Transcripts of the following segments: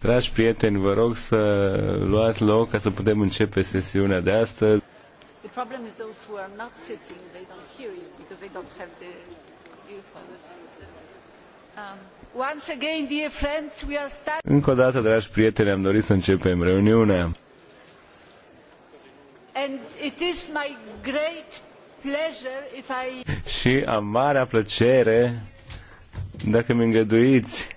Dragi prieteni, vă rog să luați loc ca să putem începe sesiunea de astăzi. Um, Încă o dată, dragi prieteni, am dorit să începem reuniunea. And it is my great și am marea plăcere, dacă mi îngăduiți,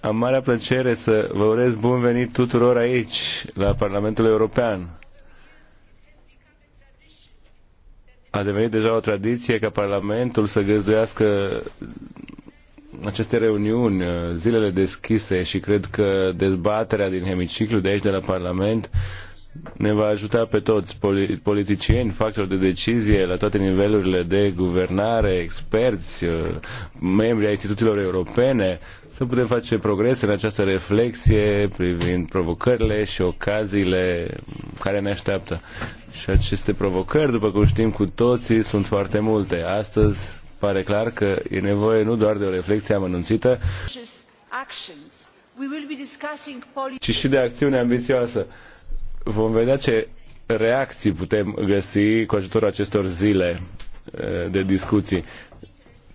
am marea plăcere să vă urez bun venit tuturor aici, la Parlamentul European. A devenit deja o tradiție ca Parlamentul să găzduiască aceste reuniuni, zilele deschise și cred că dezbaterea din hemiciclu de aici, de la Parlament, ne va ajuta pe toți, politicieni, factori de decizie la toate nivelurile de guvernare, experți, uh, membri ai instituțiilor europene, să putem face progrese în această reflexie privind provocările și ocaziile care ne așteaptă. Și aceste provocări, după cum știm cu toții, sunt foarte multe. Astăzi pare clar că e nevoie nu doar de o reflexie amănunțită, ci și de acțiune ambițioasă. Vom vedea ce reacții putem găsi cu ajutorul acestor zile eh, de discuții.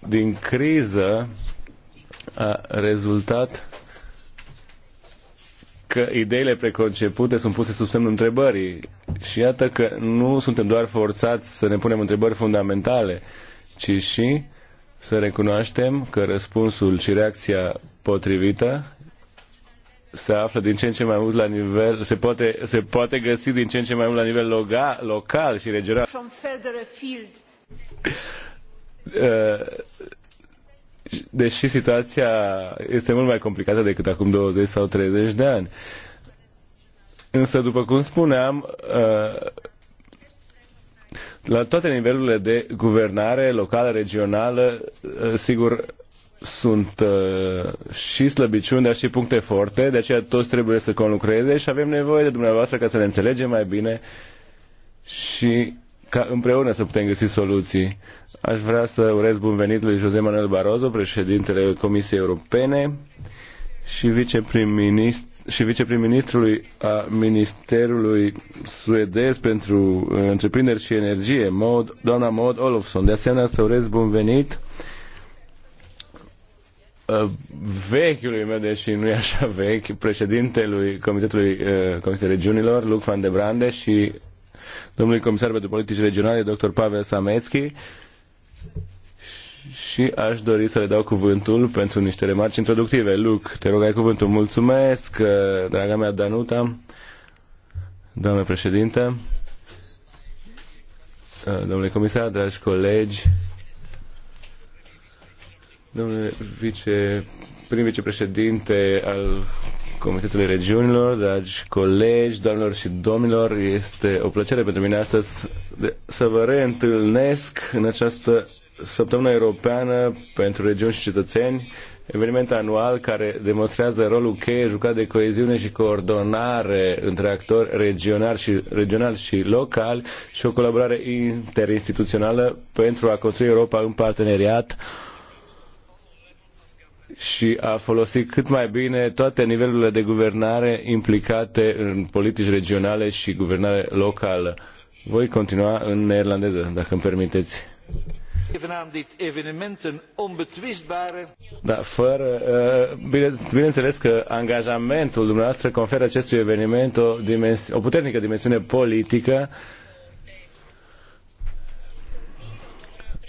Din criză a rezultat că ideile preconcepute sunt puse sub semnul întrebării și iată că nu suntem doar forțați să ne punem întrebări fundamentale, ci și să recunoaștem că răspunsul și reacția potrivită se află din ce în ce mai mult la nivel, se poate, se poate găsi din ce în ce mai mult la nivel loga, local și regional. Uh, deși situația este mult mai complicată decât acum 20 sau 30 de ani. Însă, după cum spuneam, uh, la toate nivelurile de guvernare locală, regională, uh, sigur, sunt uh, și slăbiciuni, dar și puncte forte, de aceea toți trebuie să conlucreze și avem nevoie de dumneavoastră ca să ne înțelegem mai bine și ca împreună să putem găsi soluții. Aș vrea să urez bun venit lui Jose Manuel Barroso, președintele Comisiei Europene și viceprim-ministru și viceprim-ministrului a Ministerului Suedez pentru uh, Întreprinderi și Energie, Maud, doamna Maud Olofsson. De asemenea, să urez bun venit uh, Uh, vechiului meu, deși nu e așa vechi, președintelui Comitetului uh, Comisiei Regiunilor, Luc van de Brande și domnului comisar pentru politici regionale, dr. Pavel Samețchi. Și aș dori să le dau cuvântul pentru niște remarci introductive. Luc, te rog, ai cuvântul. Mulțumesc, uh, draga mea Danuta, doamne președinte, domnule comisar, dragi colegi, domnule vice, prim vicepreședinte al Comitetului Regiunilor, dragi colegi, doamnelor și domnilor, este o plăcere pentru mine astăzi să vă reîntâlnesc în această săptămână europeană pentru regiuni și cetățeni, eveniment anual care demonstrează rolul cheie jucat de coeziune și coordonare între actori regionali și, regional și locali și o colaborare interinstituțională pentru a construi Europa în parteneriat și a folosi cât mai bine toate nivelurile de guvernare implicate în politici regionale și guvernare locală. Voi continua în neerlandeză, dacă îmi permiteți. Da, fără, uh, bine, bineînțeles că angajamentul dumneavoastră conferă acestui eveniment o, dimensi- o puternică dimensiune politică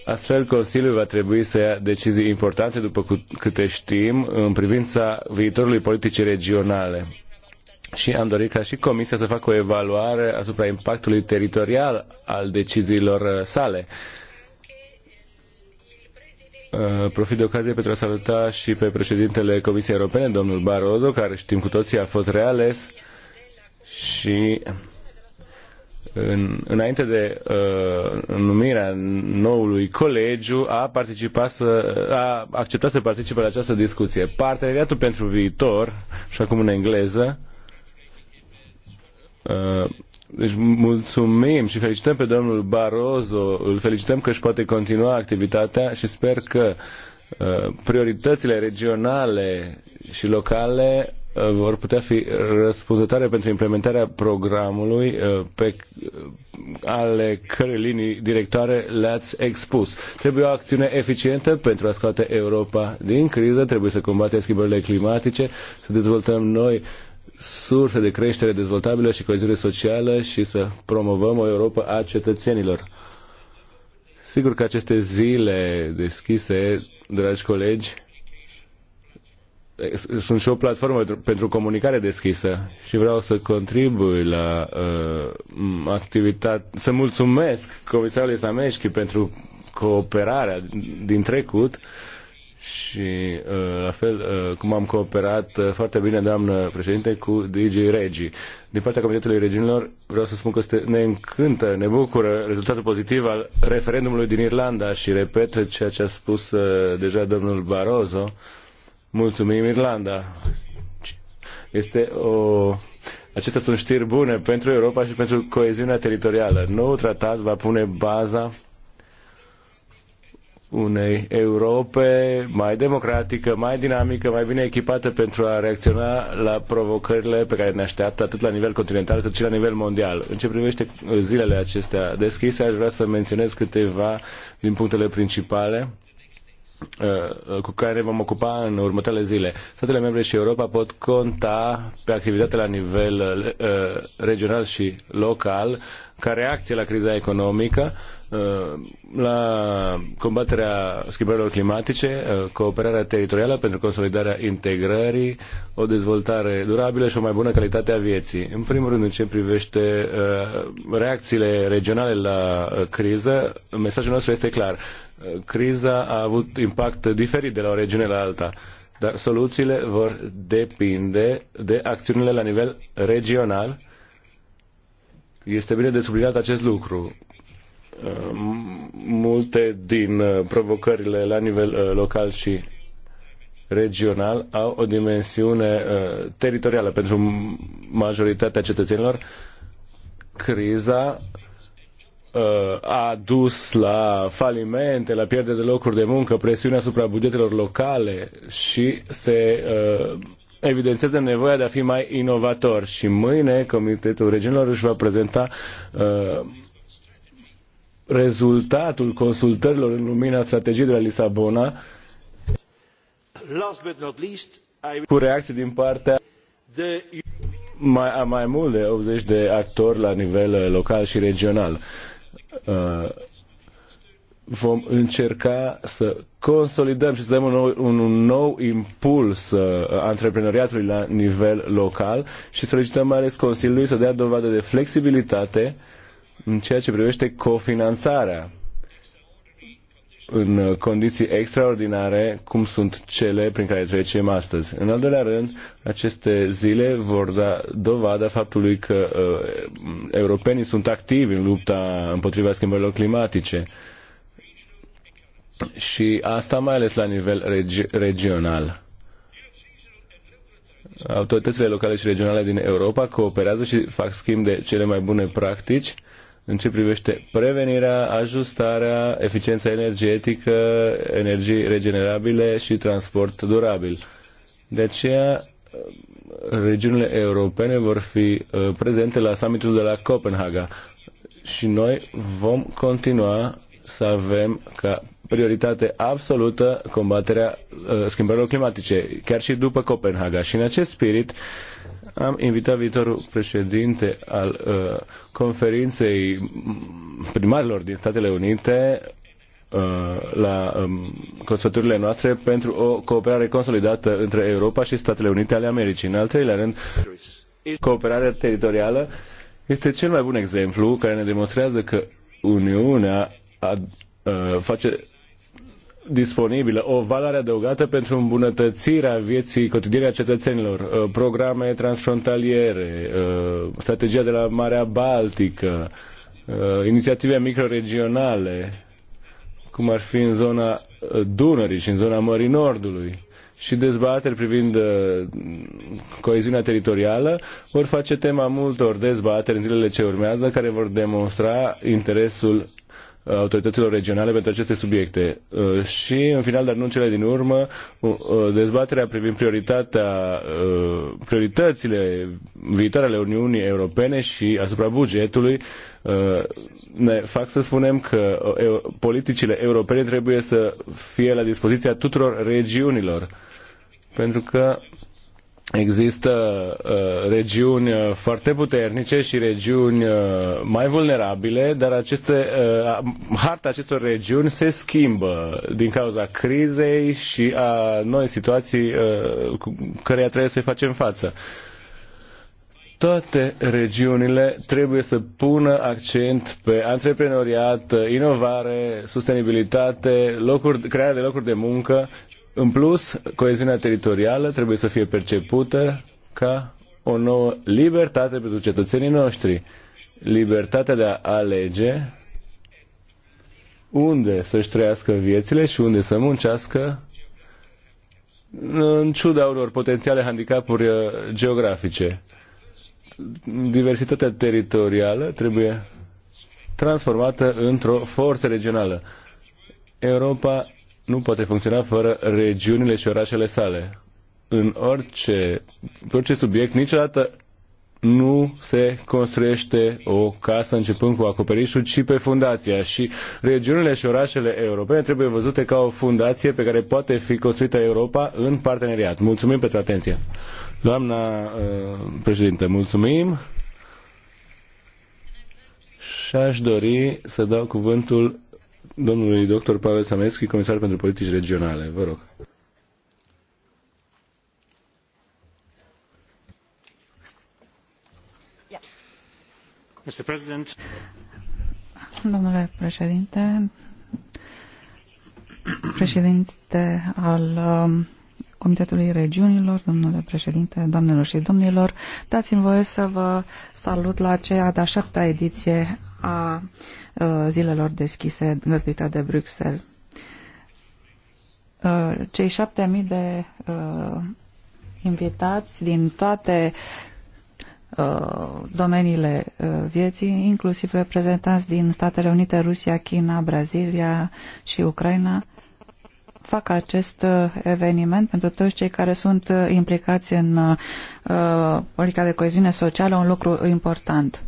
Astfel, Consiliul va trebui să ia decizii importante, după câte știm, în privința viitorului politicii regionale. Și am dorit ca și Comisia să facă o evaluare asupra impactului teritorial al deciziilor uh, sale. Uh, profit de ocazie pentru a saluta și pe președintele Comisiei Europene, domnul Barroso, care știm cu toții a fost reales și în, înainte de uh, numirea noului colegiu, a, participat să, a acceptat să participe la această discuție. Parteneriatul pentru viitor, și acum în engleză, uh, deci mulțumim și felicităm pe domnul Barroso, îl felicităm că își poate continua activitatea și sper că uh, prioritățile regionale și locale vor putea fi răspunzătoare pentru implementarea programului uh, pe uh, ale cărei linii directoare le-ați expus. Trebuie o acțiune eficientă pentru a scoate Europa din criză, trebuie să combatem schimbările climatice, să dezvoltăm noi surse de creștere dezvoltabilă și coeziune socială și să promovăm o Europa a cetățenilor. Sigur că aceste zile deschise, dragi colegi, sunt și o platformă pentru comunicare deschisă și vreau să contribui la uh, activitate, să mulțumesc comisarului Sameșchi pentru cooperarea din trecut și uh, la fel uh, cum am cooperat uh, foarte bine, doamnă președinte, cu DG Regi. Din partea Comitetului Regiunilor vreau să spun că este, ne încântă, ne bucură rezultatul pozitiv al referendumului din Irlanda și repet ceea ce a spus uh, deja domnul Barroso, uh, Mulțumim, Irlanda! Este o... Acestea sunt știri bune pentru Europa și pentru coeziunea teritorială. Noul tratat va pune baza unei Europe mai democratică, mai dinamică, mai bine echipată pentru a reacționa la provocările pe care ne așteaptă atât la nivel continental cât și la nivel mondial. În ce privește zilele acestea deschise, aș vrea să menționez câteva din punctele principale Uh, cu care ne vom ocupa în următoarele zile. Statele membre și Europa pot conta pe activitate la nivel uh, regional și local ca reacție la criza economică, uh, la combaterea schimbărilor climatice, cooperarea teritorială pentru consolidarea integrării, o dezvoltare durabilă și o mai bună calitate a vieții. În primul rând, în ce privește reacțiile regionale la criză, mesajul nostru este clar criza a avut impact diferit de la o regiune la alta, dar soluțiile vor depinde de acțiunile la nivel regional. Este bine de subliniat acest lucru. Uh, multe din uh, provocările la nivel uh, local și regional au o dimensiune teritorială pentru majoritatea cetățenilor. Criza Uh, a dus la falimente, la pierdere de locuri de muncă, presiune asupra bugetelor locale și se uh, evidențiază nevoia de a fi mai inovator. Și mâine Comitetul Regiunilor își va prezenta uh, rezultatul consultărilor în lumina strategiei de la Lisabona Last but not least, I... cu reacții din partea de... mai, a mai mult de 80 de actori la nivel uh, local și regional. Uh, vom încerca să consolidăm și să dăm un nou, un nou impuls uh, antreprenoriatului la nivel local și solicităm mai ales Consiliului să dea dovadă de flexibilitate în ceea ce privește cofinanțarea în condiții extraordinare cum sunt cele prin care trecem astăzi. În al doilea rând, aceste zile vor da dovada faptului că uh, europenii sunt activi în lupta împotriva schimbărilor climatice și asta mai ales la nivel regi- regional. Autoritățile locale și regionale din Europa cooperează și fac schimb de cele mai bune practici uh, în ce privește prevenirea, ajustarea, eficiența energetică, energii regenerabile și transport durabil. De aceea, regiunile europene vor fi uh, prezente la summitul de la Copenhaga și noi vom continua să avem ca prioritate absolută combaterea uh, schimbărilor climatice, chiar și după Copenhaga. Și în acest spirit am invitat viitorul președinte al uh, conferinței primarilor din Statele Unite uh, la um, consfăturile noastre pentru o cooperare consolidată între Europa și Statele Unite ale Americii. În al treilea rând, cooperarea teritorială este cel mai bun exemplu care ne demonstrează că Uniunea uh, face disponibilă, o valoare adăugată pentru îmbunătățirea vieții cotidiene a cetățenilor, uh, programe transfrontaliere, uh, strategia de la Marea Baltică, uh, inițiative microregionale, cum ar fi în zona Dunării și în zona Mării Nordului și dezbateri privind coeziunea teritorială vor face tema multor dezbateri în zilele ce urmează care vor demonstra interesul Uh, autorităților regionale pentru aceste subiecte. Uh, și, în final, dar nu în cele din urmă, uh, dezbaterea privind prioritatea, prioritățile viitoare ale Uniunii Europene și asupra bugetului ne fac să spunem că politicile europene trebuie să fie la dispoziția tuturor regiunilor. Pentru că Există uh, regiuni uh, foarte puternice și regiuni uh, mai vulnerabile, dar aceste, uh, harta acestor regiuni se schimbă din cauza crizei și a noi situații uh, cu care trebuie să-i facem față. Toate regiunile trebuie să pună accent pe antreprenoriat, inovare, sustenibilitate, locuri, crearea de locuri de muncă în plus, coeziunea teritorială trebuie să fie percepută ca o nouă libertate pentru cetățenii noștri. Libertatea de a alege unde să-și trăiască viețile și unde să muncească în ciuda unor potențiale handicapuri uh, geografice. Diversitatea teritorială trebuie transformată într-o forță regională. Europa nu poate funcționa fără regiunile și orașele sale. În orice, pe orice subiect, niciodată nu se construiește o casă începând cu acoperișul, ci pe fundația. Și regiunile și orașele europene trebuie văzute ca o fundație pe care poate fi construită Europa în parteneriat. Mulțumim pentru atenție. Doamna uh, președinte, mulțumim. Și aș dori să dau cuvântul domnului dr. Pavel Sameschi, comisar pentru politici regionale. Vă rog. Domnule președinte, președinte al um, Comitetului Regiunilor, domnule președinte, doamnelor și domnilor, dați-mi voie să vă salut la aceea de-a șaptea ediție a uh, Uh, zilelor deschise năzduită de Bruxelles. Uh, cei șapte mii de uh, invitați din toate domeniile vieții, inclusiv reprezentanți din Statele Unite, Rusia, China, Brazilia și Ucraina, fac acest eveniment pentru toți cei care sunt implicați în politica de coeziune socială, un lucru important.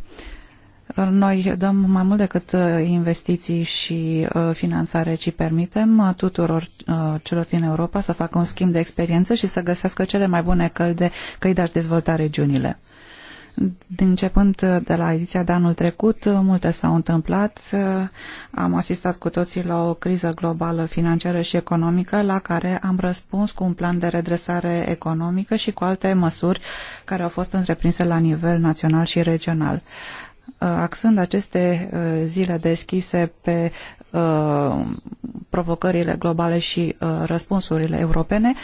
Noi dăm mai mult decât uh, investiții și uh, finanțare, ci permitem uh, tuturor celor din Europa să facă un schimb de experiență și să găsească cele mai bune căi de, căi de a-și dezvolta regiunile. Începând de la ediția de anul trecut, multe s-au întâmplat. Am asistat cu toții la o criză globală financiară și economică la care am răspuns cu un plan de redresare economică și cu alte măsuri care au fost întreprinse la nivel național și regional. Uh, axând aceste uh, zile deschise pe uh, provocările globale și răspunsurile europene,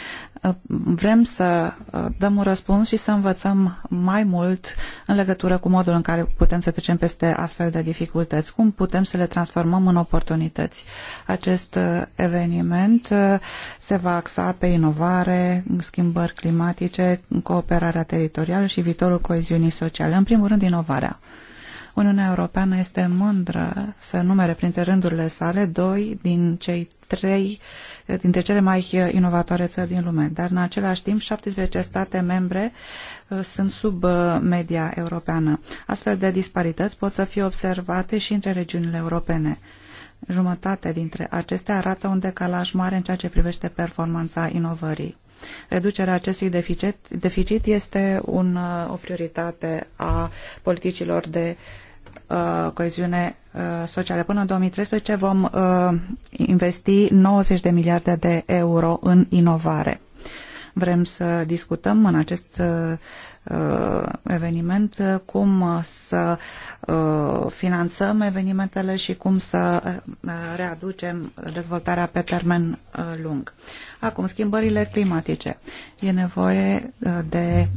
vrem să dăm un răspuns și să învățăm mai mult în legătură cu modul în care putem să trecem peste astfel de dificultăți, cum putem să le transformăm în oportunități. Acest eveniment se va axa pe inovare, schimbări climatice, cooperarea teritorială și viitorul coeziunii sociale. În primul rând, inovarea. Uniunea Europeană este mândră să numere printre rândurile sale doi din cei trei dintre cele mai inovatoare țări din lume, dar în același timp 17 state membre uh, sunt sub uh, media europeană. Astfel de disparități pot să fie observate și între regiunile europene. Jumătate dintre acestea arată un decalaj mare în ceea ce privește performanța inovării. Reducerea acestui deficit, deficit este un, uh, o prioritate a politicilor de uh, uh, coeziune uh, socială. Până în 2013 vom uh, investi 90 de miliarde de euro în inovare. Vrem să discutăm în acest uh, uh, eveniment cum să finanțăm evenimentele și cum să readucem dezvoltarea pe termen lung. Acum, schimbările climatice. E nevoie de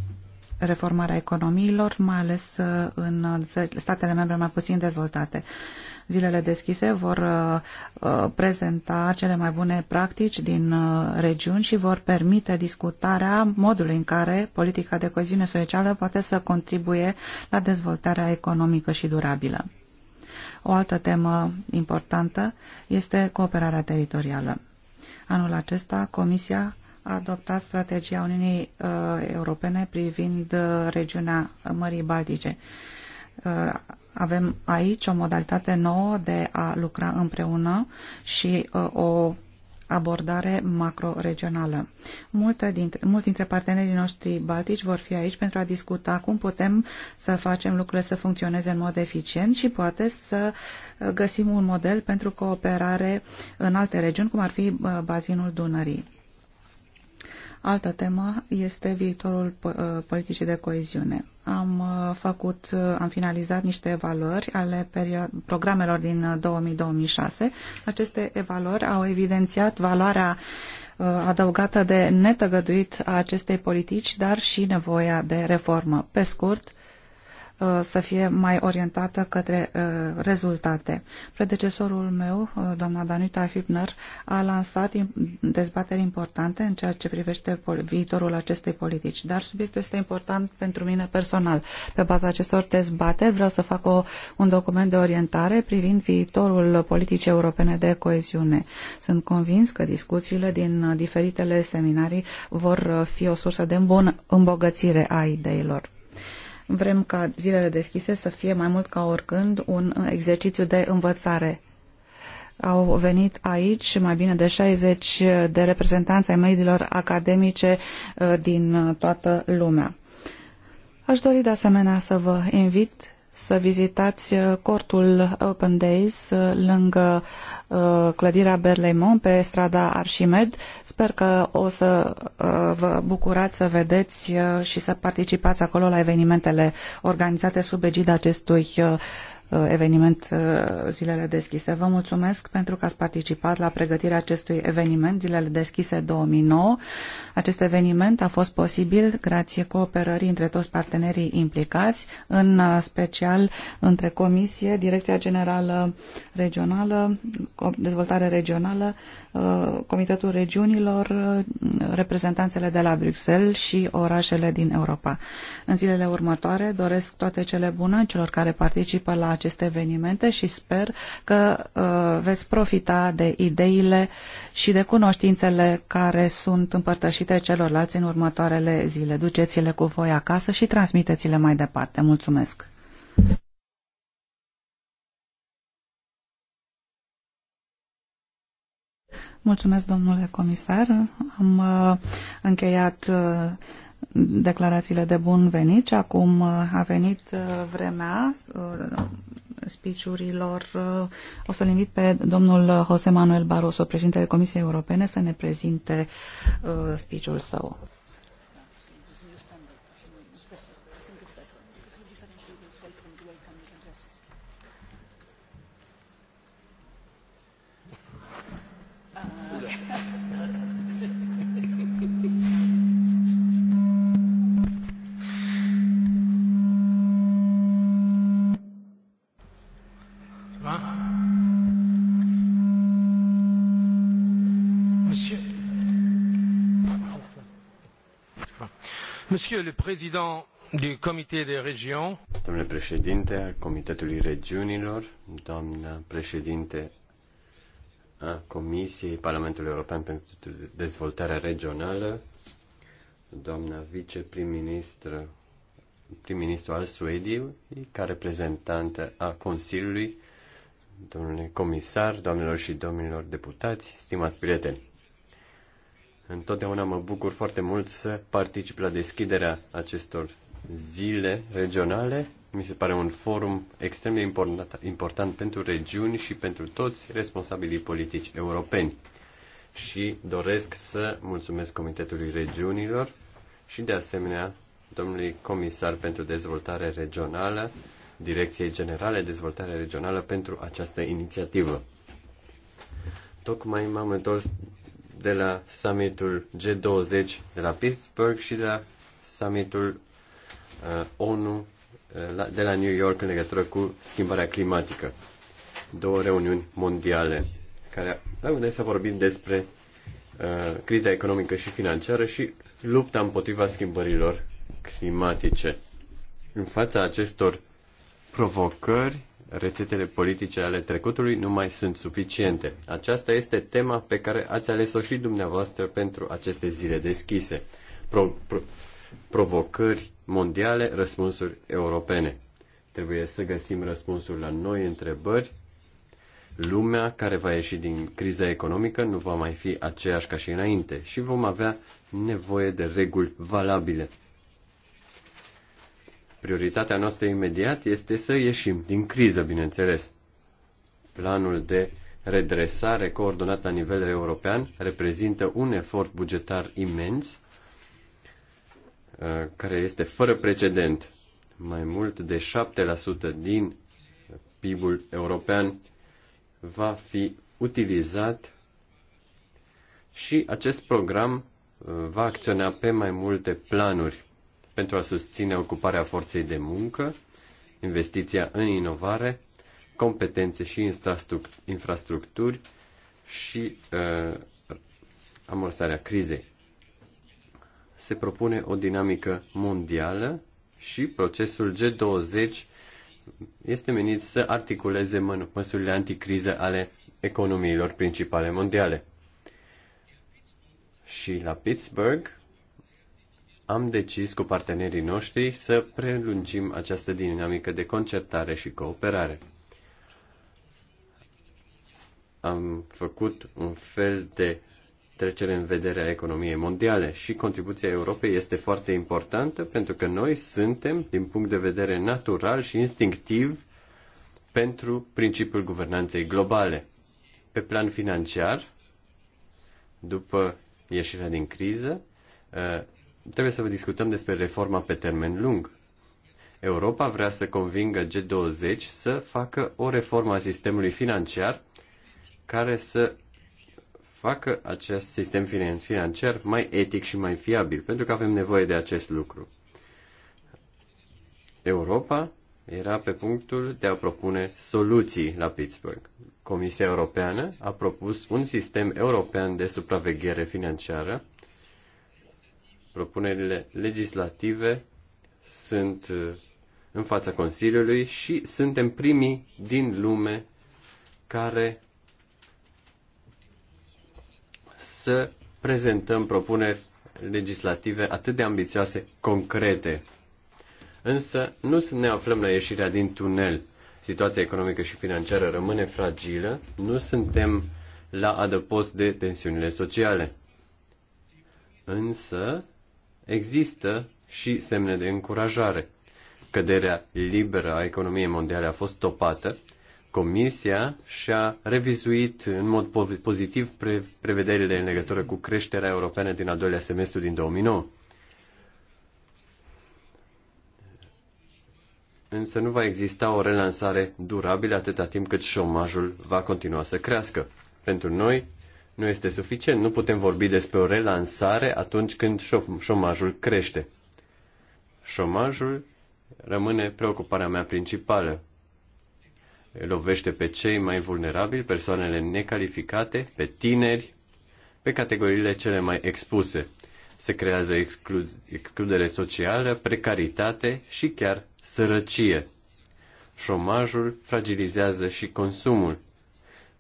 reformarea economiilor, mai ales uh, în statele membre mai puțin dezvoltate. Zilele deschise vor uh, uh, prezenta cele mai bune practici din regiuni și vor permite discutarea modului în care politica de coeziune socială poate să contribuie la dezvoltarea economică și durabilă. O altă temă importantă este cooperarea teritorială. Anul acesta, Comisia adoptat strategia Uniunii uh, Europene privind uh, regiunea Mării Baltice. Uh, avem aici o modalitate nouă de a lucra împreună și o abordare macroregională. Multe dintre, mulți dintre partenerii noștri baltici vor fi aici pentru a discuta cum putem să facem lucrurile să funcționeze în mod eficient și poate să găsim un model pentru cooperare în alte regiuni, cum ar fi bazinul Dunării. Altă temă este viitorul uh, politicii de coeziune. Am uh, făcut, uh, am finalizat niște evaluări ale programelor din 2000-2006. Aceste evaluări au evidențiat valoarea adăugată de netăgăduit a acestei politici, dar și nevoia de reformă. Pe scurt, Uh, să fie mai orientată către uh, rezultate. Predecesorul meu, uh, doamna Danita Hübner, a lansat dezbateri importante în ceea ce privește viitorul acestei politici, dar subiectul este important pentru mine personal. Pe baza acestor dezbateri vreau să fac o, un document de orientare privind viitorul politicii europene de coeziune. Sunt convins că discuțiile din diferitele seminarii vor fi o sursă de îmbogățire a ideilor. Vrem ca zilele deschise să fie mai mult ca oricând un exercițiu de învățare. Au venit aici mai bine de 60 de reprezentanți ai mediilor academice uh, din uh, toată lumea. Aș dori de asemenea să vă invit să vizitați uh, cortul Open Days uh, lângă uh, clădirea Berlaymont pe strada Archimed. Sper că o să vă bucurați să vedeți și să participați acolo la evenimentele organizate sub egida acestui Uh, eveniment uh, Zilele Deschise. Vă mulțumesc pentru că ați participat la pregătirea acestui eveniment, Zilele Deschise 2009. Acest eveniment a fost posibil grație cooperării între toți partenerii implicați, în uh, special între Comisie, Direcția Generală Regională, Dezvoltare Regională, Uh, Comitetul Regiunilor, uh, reprezentanțele de la Bruxelles și orașele din Europa. În zilele următoare doresc toate cele bune celor care participă la aceste evenimente și sper că uh, veți profita de ideile și de cunoștințele care sunt împărtășite celorlalți în următoarele zile. Duceți-le cu voi acasă și transmiteți-le mai departe. Mulțumesc! Mulțumesc, domnule comisar. Am uh, încheiat uh, declarațiile de bun venit și acum uh, a venit vremea spiciurilor. O să-l invit pe domnul José Manuel Barroso, președintele Comisiei Europene, să ne prezinte spiciul său. Monsieur le Président du Comité des Régions. Domnule președinte al Comitetului Regiunilor, doamnă președinte a Comisiei Parlamentului European pentru Dezvoltarea Regională, doamna viceprim ministră prim-ministru al Suediei, ca reprezentantă a Consiliului, domnule comisar, doamnelor și domnilor deputați, stimați prieteni. Întotdeauna mă bucur foarte mult să particip la deschiderea acestor zile regionale. Mi se pare un forum extrem de important, important pentru regiuni și pentru toți responsabilii politici europeni. Și doresc să mulțumesc Comitetului Regiunilor și de asemenea domnului comisar pentru dezvoltare regională, Direcției Generale Dezvoltare Regională pentru această inițiativă. Tocmai m-am întors de la summitul G20 de la Pittsburgh și de la summitul uh, ONU uh, de la New York în legătură cu schimbarea climatică. Două reuniuni mondiale care la unde să vorbim despre uh, criza economică și financiară și lupta împotriva schimbărilor climatice. În fața acestor provocări, rețetele politice ale trecutului nu mai sunt suficiente. Aceasta este tema pe care ați ales-o și dumneavoastră pentru aceste zile deschise. Pro, pro, provocări mondiale, răspunsuri europene. Trebuie să găsim răspunsuri la noi întrebări. Lumea care va ieși din criza economică nu va mai fi aceeași ca și înainte și vom avea nevoie de reguli valabile Prioritatea noastră imediat este să ieșim din criză, bineînțeles. Planul de redresare coordonat la nivel european reprezintă un efort bugetar imens uh, care este fără precedent. Mai mult de 7% din PIB-ul european va fi utilizat și acest program uh, va acționa pe mai multe planuri pentru a susține ocuparea forței de muncă, investiția în inovare, competențe și infrastructuri și uh, amorsarea crizei. Se propune o dinamică mondială și procesul G20 este menit să articuleze măsurile anticriză ale economiilor principale mondiale. Și la Pittsburgh am decis cu partenerii noștri să prelungim această dinamică de concertare și cooperare. Am făcut un fel de trecere în vedere a economiei mondiale și contribuția Europei este foarte importantă pentru că noi suntem, din punct de vedere natural și instinctiv, pentru principiul guvernanței globale. Pe plan financiar, după ieșirea din criză, Trebuie să discutăm despre reforma pe termen lung. Europa vrea să convingă G20 să facă o reformă a sistemului financiar care să facă acest sistem financiar mai etic și mai fiabil, pentru că avem nevoie de acest lucru. Europa era pe punctul de a propune soluții la Pittsburgh. Comisia Europeană a propus un sistem european de supraveghere financiară Propunerile legislative sunt uh, în fața Consiliului și suntem primii din lume care să prezentăm propuneri legislative atât de ambițioase, concrete. Însă nu ne aflăm la ieșirea din tunel. Situația economică și financiară rămâne fragilă, nu suntem la adăpost de tensiunile sociale. Însă există și semne de încurajare. Căderea liberă a economiei mondiale a fost topată, Comisia și-a revizuit în mod pozitiv pre- prevederile în legătură cu creșterea europeană din al doilea semestru din 2009. Însă nu va exista o relansare durabilă atâta timp cât șomajul va continua să crească. Pentru noi, nu este suficient. Nu putem vorbi despre o relansare atunci când șomajul crește. Șomajul rămâne preocuparea mea principală. Lovește pe cei mai vulnerabili, persoanele necalificate, pe tineri, pe categoriile cele mai expuse. Se creează exclu- excludere socială, precaritate și chiar sărăcie. Șomajul fragilizează și consumul.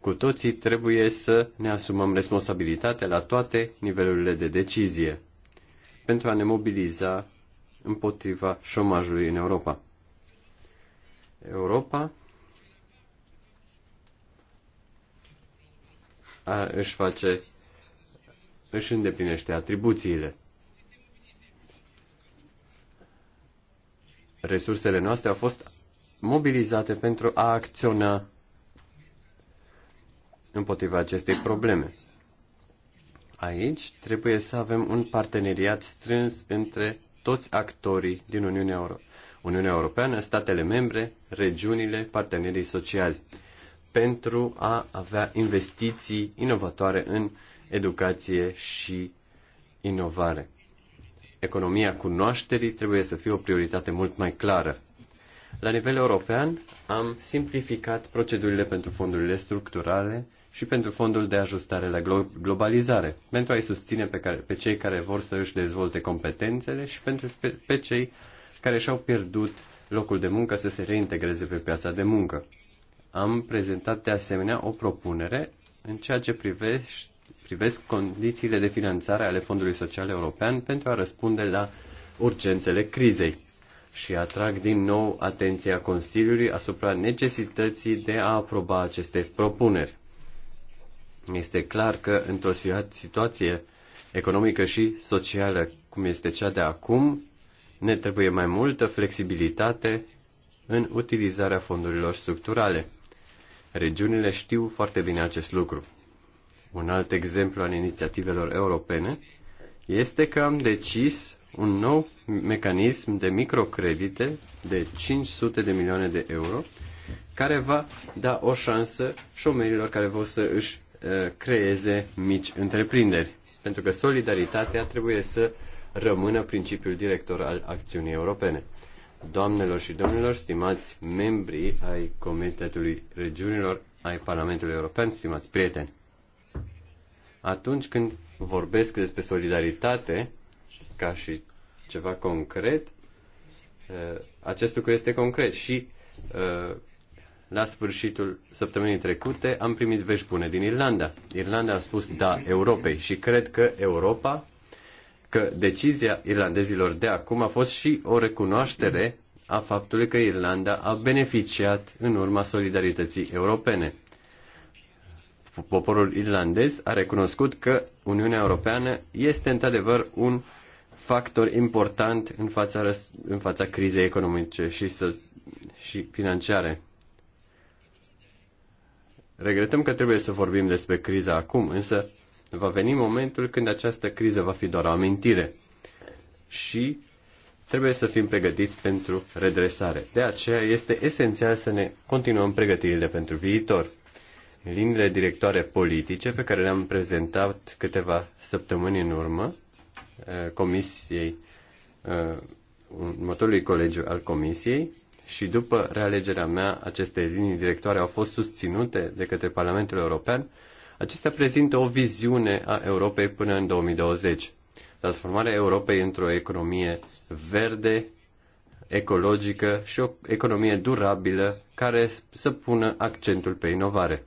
Cu toții trebuie să ne asumăm responsabilitatea la toate nivelurile de decizie pentru a ne mobiliza împotriva șomajului în Europa. Europa a, își face, își îndeplinește atribuțiile. Resursele noastre au fost mobilizate pentru a acționa împotriva acestei probleme. Aici trebuie să avem un parteneriat strâns între toți actorii din Uniunea, Euro- Uniunea Europeană, statele membre, regiunile, partenerii sociali, pentru a avea investiții inovatoare în educație și inovare. Economia cunoașterii trebuie să fie o prioritate mult mai clară. La nivel european am simplificat procedurile pentru fondurile structurale și pentru fondul de ajustare la globalizare, pentru a-i susține pe, care, pe cei care vor să își dezvolte competențele și pentru pe, pe cei care și-au pierdut locul de muncă să se reintegreze pe piața de muncă. Am prezentat de asemenea o propunere în ceea ce privește, privesc condițiile de finanțare ale Fondului Social European pentru a răspunde la urgențele crizei și atrag din nou atenția Consiliului asupra necesității de a aproba aceste propuneri. Este clar că într-o situație economică și socială cum este cea de acum, ne trebuie mai multă flexibilitate în utilizarea fondurilor structurale. Regiunile știu foarte bine acest lucru. Un alt exemplu al inițiativelor europene este că am decis un nou mecanism de microcredite de 500 de milioane de euro care va da o șansă șomerilor care vor să își Uh, creeze mici întreprinderi. Pentru că solidaritatea trebuie să rămână principiul director al acțiunii europene. Doamnelor și domnilor, stimați membri ai Comitetului Regiunilor ai Parlamentului European, stimați prieteni, atunci când vorbesc despre solidaritate ca și ceva concret, uh, acest lucru este concret și uh, la sfârșitul săptămânii trecute am primit vești bune din Irlanda. Irlanda a spus da Europei și cred că Europa, că decizia irlandezilor de acum a fost și o recunoaștere a faptului că Irlanda a beneficiat în urma solidarității europene. Poporul irlandez a recunoscut că Uniunea Europeană este într-adevăr un factor important în fața, în fața crizei economice și, să, și financiare. Regretăm că trebuie să vorbim despre criza acum, însă va veni momentul când această criză va fi doar o amintire și trebuie să fim pregătiți pentru redresare. De aceea este esențial să ne continuăm pregătirile pentru viitor. Liniile directoare politice pe care le-am prezentat câteva săptămâni în urmă eh, comisiei, eh, următorului colegiu al comisiei, și după realegerea mea, aceste linii directoare au fost susținute de către Parlamentul European, acestea prezintă o viziune a Europei până în 2020. Transformarea Europei într-o economie verde, ecologică și o economie durabilă care să pună accentul pe inovare.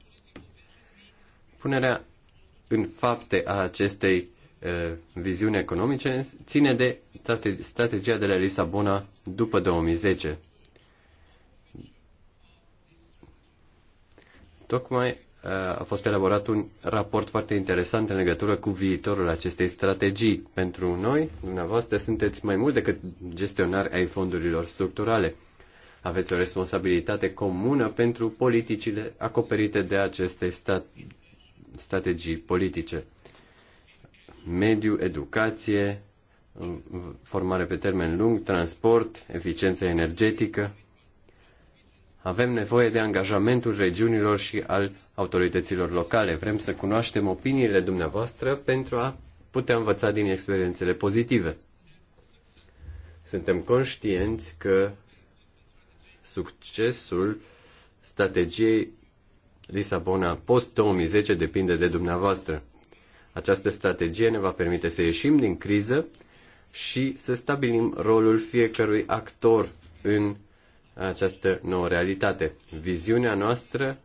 Punerea în fapte a acestei uh, viziuni economice ține de strategia de la Lisabona după 2010 Tocmai uh, a fost elaborat un raport foarte interesant în legătură cu viitorul acestei strategii. Pentru noi, dumneavoastră, sunteți mai mult decât gestionari ai fondurilor structurale. Aveți o responsabilitate comună pentru politicile acoperite de aceste stat- strategii politice. Mediu, educație, formare pe termen lung, transport, eficiență energetică, avem nevoie de angajamentul regiunilor și al autorităților locale. Vrem să cunoaștem opiniile dumneavoastră pentru a putea învăța din experiențele pozitive. Suntem conștienți că succesul strategiei Lisabona post-2010 depinde de dumneavoastră. Această strategie ne va permite să ieșim din criză și să stabilim rolul fiecărui actor în această nouă realitate. Viziunea noastră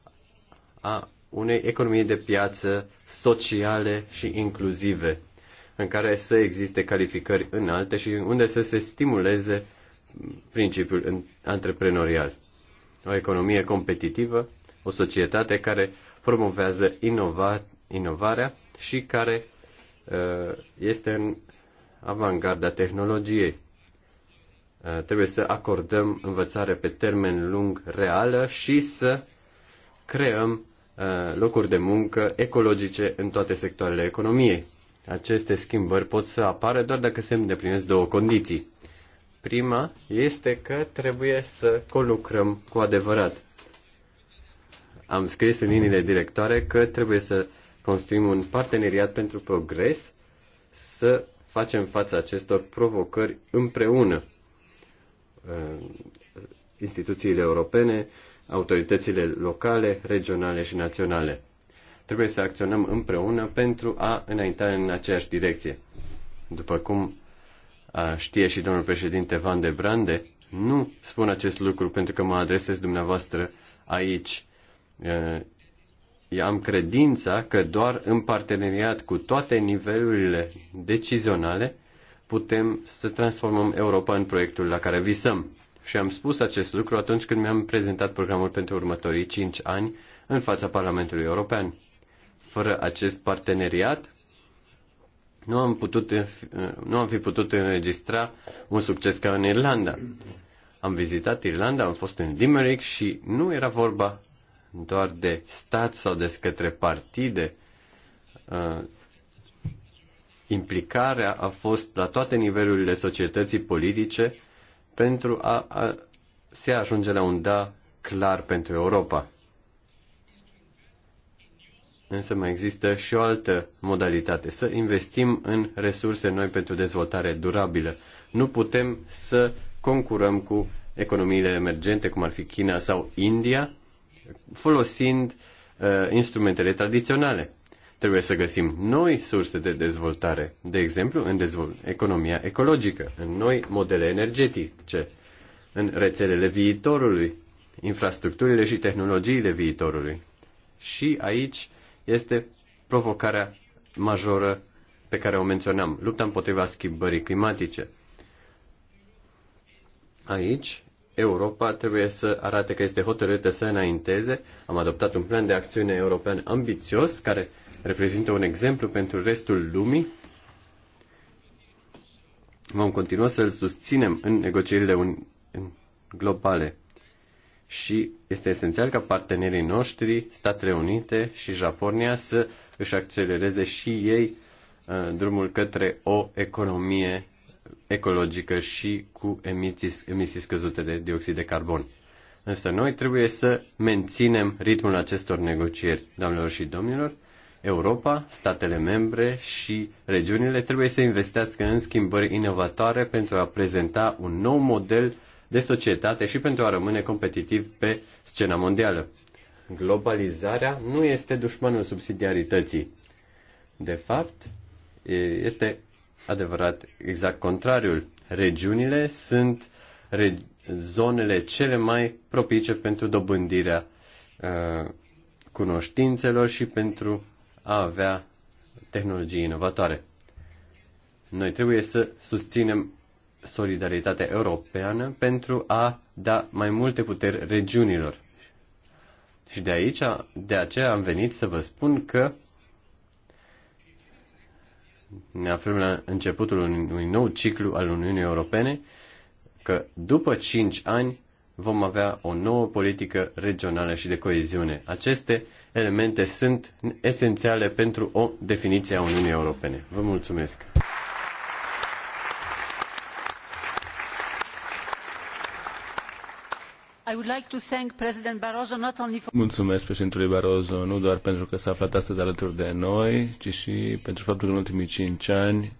a unei economii de piață sociale și inclusive, în care să existe calificări înalte și unde să se stimuleze principiul antreprenorial. O economie competitivă, o societate care promovează inova, inovarea și care uh, este în avangarda tehnologiei. Uh, trebuie să acordăm învățare pe termen lung reală și să creăm uh, locuri de muncă ecologice în toate sectoarele economiei. Aceste schimbări pot să apară doar dacă se îndeplinesc două condiții. Prima este că trebuie să colucrăm cu adevărat. Am scris în liniile directoare că trebuie să construim un parteneriat pentru progres, să facem față acestor provocări împreună. Uh, instituțiile europene, autoritățile locale, regionale și naționale. Trebuie să acționăm împreună pentru a înainta în aceeași direcție. După cum știe și domnul președinte Van de Brande, nu spun acest lucru pentru că mă adresez dumneavoastră aici. Am credința că doar în parteneriat cu toate nivelurile decizionale putem să transformăm Europa în proiectul la care visăm. Și am spus acest lucru atunci când mi-am prezentat programul pentru următorii 5 ani în fața Parlamentului European. Fără acest parteneriat, nu am, putut, nu am fi putut înregistra un succes ca în Irlanda. Am vizitat Irlanda, am fost în Limerick și nu era vorba doar de stat sau de către partide uh, implicarea a fost la toate nivelurile societății politice pentru a, a se ajunge la un da clar pentru Europa. Însă mai există și o altă modalitate, să investim în resurse noi pentru dezvoltare durabilă. Nu putem să concurăm cu economiile emergente, cum ar fi China sau India, folosind uh, instrumentele tradiționale. Trebuie să găsim noi surse de dezvoltare, de exemplu în dezvol- economia ecologică, în noi modele energetice, în rețelele viitorului, infrastructurile și tehnologiile viitorului. Și aici este provocarea majoră pe care o menționam, lupta împotriva schimbării climatice. Aici, Europa trebuie să arate că este hotărâtă să înainteze. Am adoptat un plan de acțiune european ambițios care reprezintă un exemplu pentru restul lumii. Vom continua să îl susținem în negocierile un, globale și este esențial ca partenerii noștri, Statele Unite și Japonia, să își accelereze și ei uh, drumul către o economie ecologică și cu emisii, emisii scăzute de dioxid de carbon. Însă noi trebuie să menținem ritmul acestor negocieri, doamnelor și domnilor, Europa, statele membre și regiunile trebuie să investească în schimbări inovatoare pentru a prezenta un nou model de societate și pentru a rămâne competitiv pe scena mondială. Globalizarea nu este dușmanul subsidiarității. De fapt, este adevărat exact contrariul. Regiunile sunt re- zonele cele mai propice pentru dobândirea uh, cunoștințelor și pentru a avea tehnologii inovatoare. Noi trebuie să susținem solidaritatea europeană pentru a da mai multe puteri regiunilor. Și de aici, de aceea am venit să vă spun că ne aflăm la începutul unui nou ciclu al Uniunii Europene, că după 5 ani vom avea o nouă politică regională și de coeziune. Aceste elemente sunt esențiale pentru o definiție a Uniunii Europene. Vă mulțumesc! Mulțumesc președintelui Barroso nu doar pentru că s-a aflat astăzi alături de noi, ci și pentru faptul că în ultimii cinci ani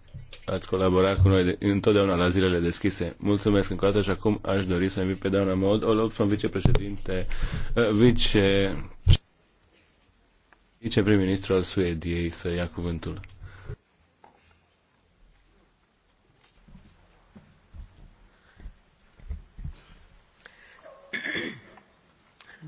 ați colaborat cu noi de, întotdeauna la zilele deschise. Mulțumesc încă o dată și acum aș dori să invit pe doamna Maud Olopson, vicepreședinte, eh, vice viceprim-ministru al Suediei să ia cuvântul.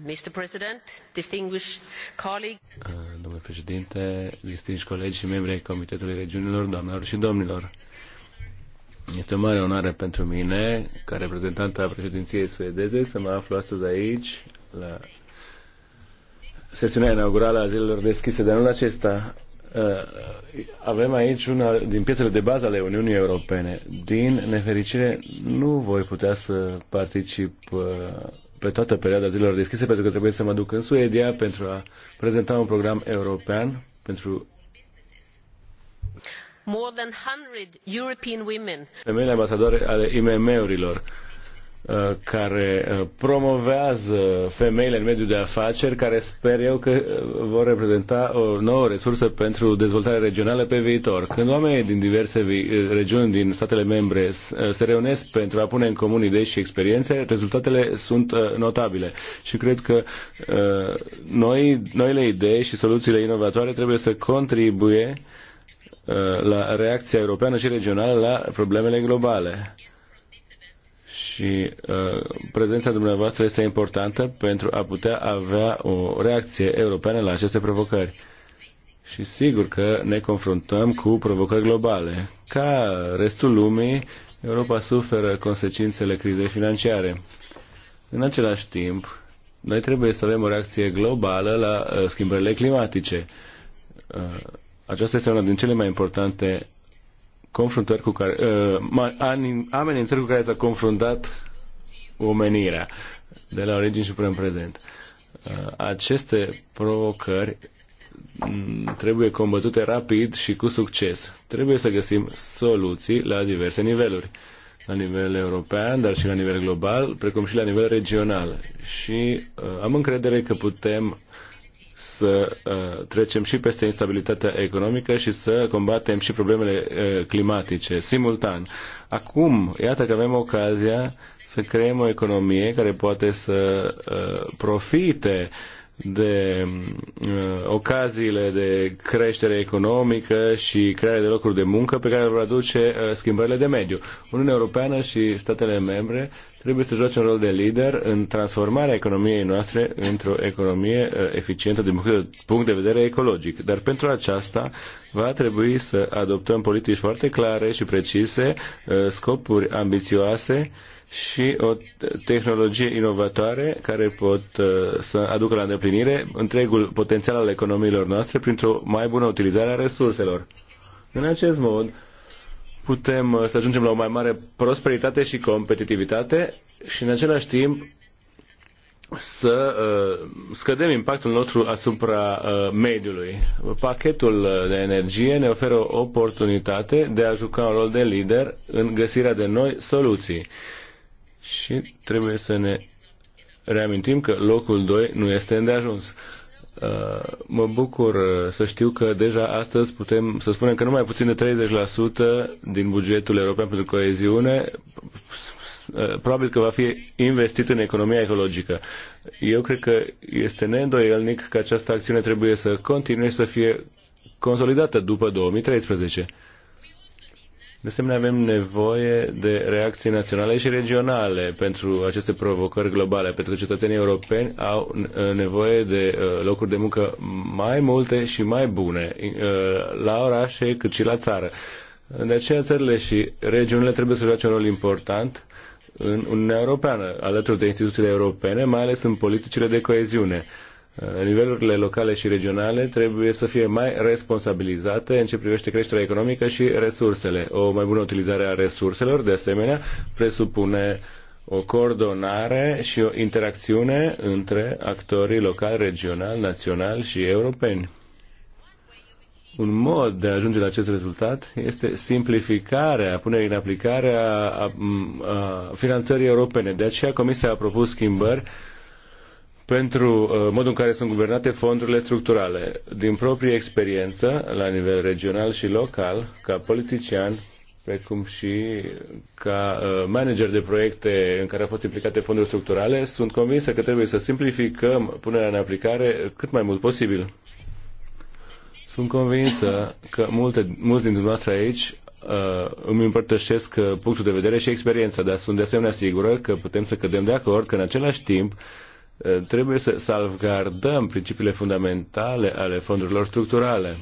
Mr. President, distinguished colleagues. Uh, domnule președinte, distinși colegi și membri ai Comitetului Regiunilor, doamnelor și domnilor, este o mare onoare pentru mine, ca reprezentant al președinției suedeze, să mă aflu astăzi aici, la sesiunea inaugurală a zilelor deschise de anul acesta. Uh, avem aici una din piesele de bază ale Uniunii Europene. Din nefericire, nu voi putea să particip uh, pe toată perioada zilelor deschise pentru că trebuie să mă duc în Suedia pentru a prezenta un program european pentru More than 100 European women. Femeile ambasadoare ale IMM-urilor Uh, care uh, promovează femeile în mediul de afaceri, care sper eu că uh, vor reprezenta o nouă resursă pentru dezvoltare regională pe viitor. Când oamenii din diverse regiuni din statele membre se reunesc pentru a pune în comun idei și experiențe, rezultatele sunt notabile. Și cred că noi, noile idei și soluțiile inovatoare trebuie să contribuie la reacția europeană și regională la problemele globale și uh, prezența dumneavoastră este importantă pentru a putea avea o reacție europeană la aceste provocări. Și sigur că ne confruntăm cu provocări globale. Ca restul lumii, Europa suferă consecințele crizei financiare. În același timp, noi trebuie să avem o reacție globală la uh, schimbările climatice. Uh, aceasta este una din cele mai importante confruntări cu care, uh, amenințări cu care s-a confruntat omenirea de la origini și până în prezent. Uh, aceste provocări mm, trebuie combătute rapid și cu succes. Trebuie să găsim soluții la diverse niveluri, la nivel european, dar și la nivel global, precum și la nivel regional. Și uh, am încredere că putem să uh, trecem și peste instabilitatea economică și să combatem și problemele uh, climatice simultan. Acum, iată că avem ocazia să creăm o economie care poate să uh, profite uh, de uh, ocaziile de creștere economică și creare de locuri de muncă pe care vor aduce uh, schimbările de mediu. Uniunea Europeană și statele membre trebuie să joace un rol de lider în transformarea economiei noastre într-o economie uh, eficientă din punct de vedere ecologic. Dar pentru aceasta va trebui să adoptăm politici foarte clare și precise, uh, scopuri ambițioase uh, și o tehnologie inovatoare care pot uh, să aducă la îndeplinire întregul potențial al economiilor noastre printr-o mai bună utilizare a resurselor. În acest mod putem uh, să ajungem la o mai mare prosperitate și competitivitate și în același timp să uh, scădem impactul nostru asupra uh, mediului. Pachetul uh, de energie ne oferă o oportunitate de a juca un rol de lider în găsirea de noi soluții. Uh, și trebuie să ne reamintim că locul 2 nu este îndeajuns. Uh, mă bucur să știu că deja astăzi putem să spunem că numai puțin de 30% din bugetul european pentru coeziune uh, probabil că va fi investit în economia ecologică. Eu cred că este neîndoielnic că această acțiune trebuie să continue să fie consolidată după 2013. De asemenea, avem nevoie de reacții naționale și regionale pentru aceste provocări globale, pentru că cetățenii europeni au uh, nevoie de uh, locuri de muncă mai multe și mai bune, uh, la orașe cât și la țară. De aceea, țările și regiunile trebuie să joace un rol important în Uniunea Europeană, alături de instituțiile europene, mai ales în politicile de coeziune nivelurile locale și regionale trebuie să fie mai responsabilizate în ce privește creșterea economică și resursele. O mai bună utilizare a resurselor, de asemenea, presupune o coordonare și o interacțiune între actorii locali, regional, național și europeni. Un mod de a ajunge la acest rezultat este simplificarea, punerea în aplicare a, a, a finanțării europene. De aceea Comisia a propus schimbări uh, pentru uh, modul în care sunt guvernate fondurile structurale. Din proprie experiență, la nivel regional și local, ca politician, precum și ca uh, manager de proiecte în care au fost implicate fonduri structurale, sunt convinsă că trebuie să simplificăm punerea în aplicare cât mai mult posibil. Sunt convinsă că multe, mulți dintre noastre aici uh, îmi împărtășesc uh, punctul de vedere și experiența, dar sunt de asemenea sigură că putem să cădem de acord că în același timp Eh, trebuie să salvgardăm principiile fundamentale ale fondurilor structurale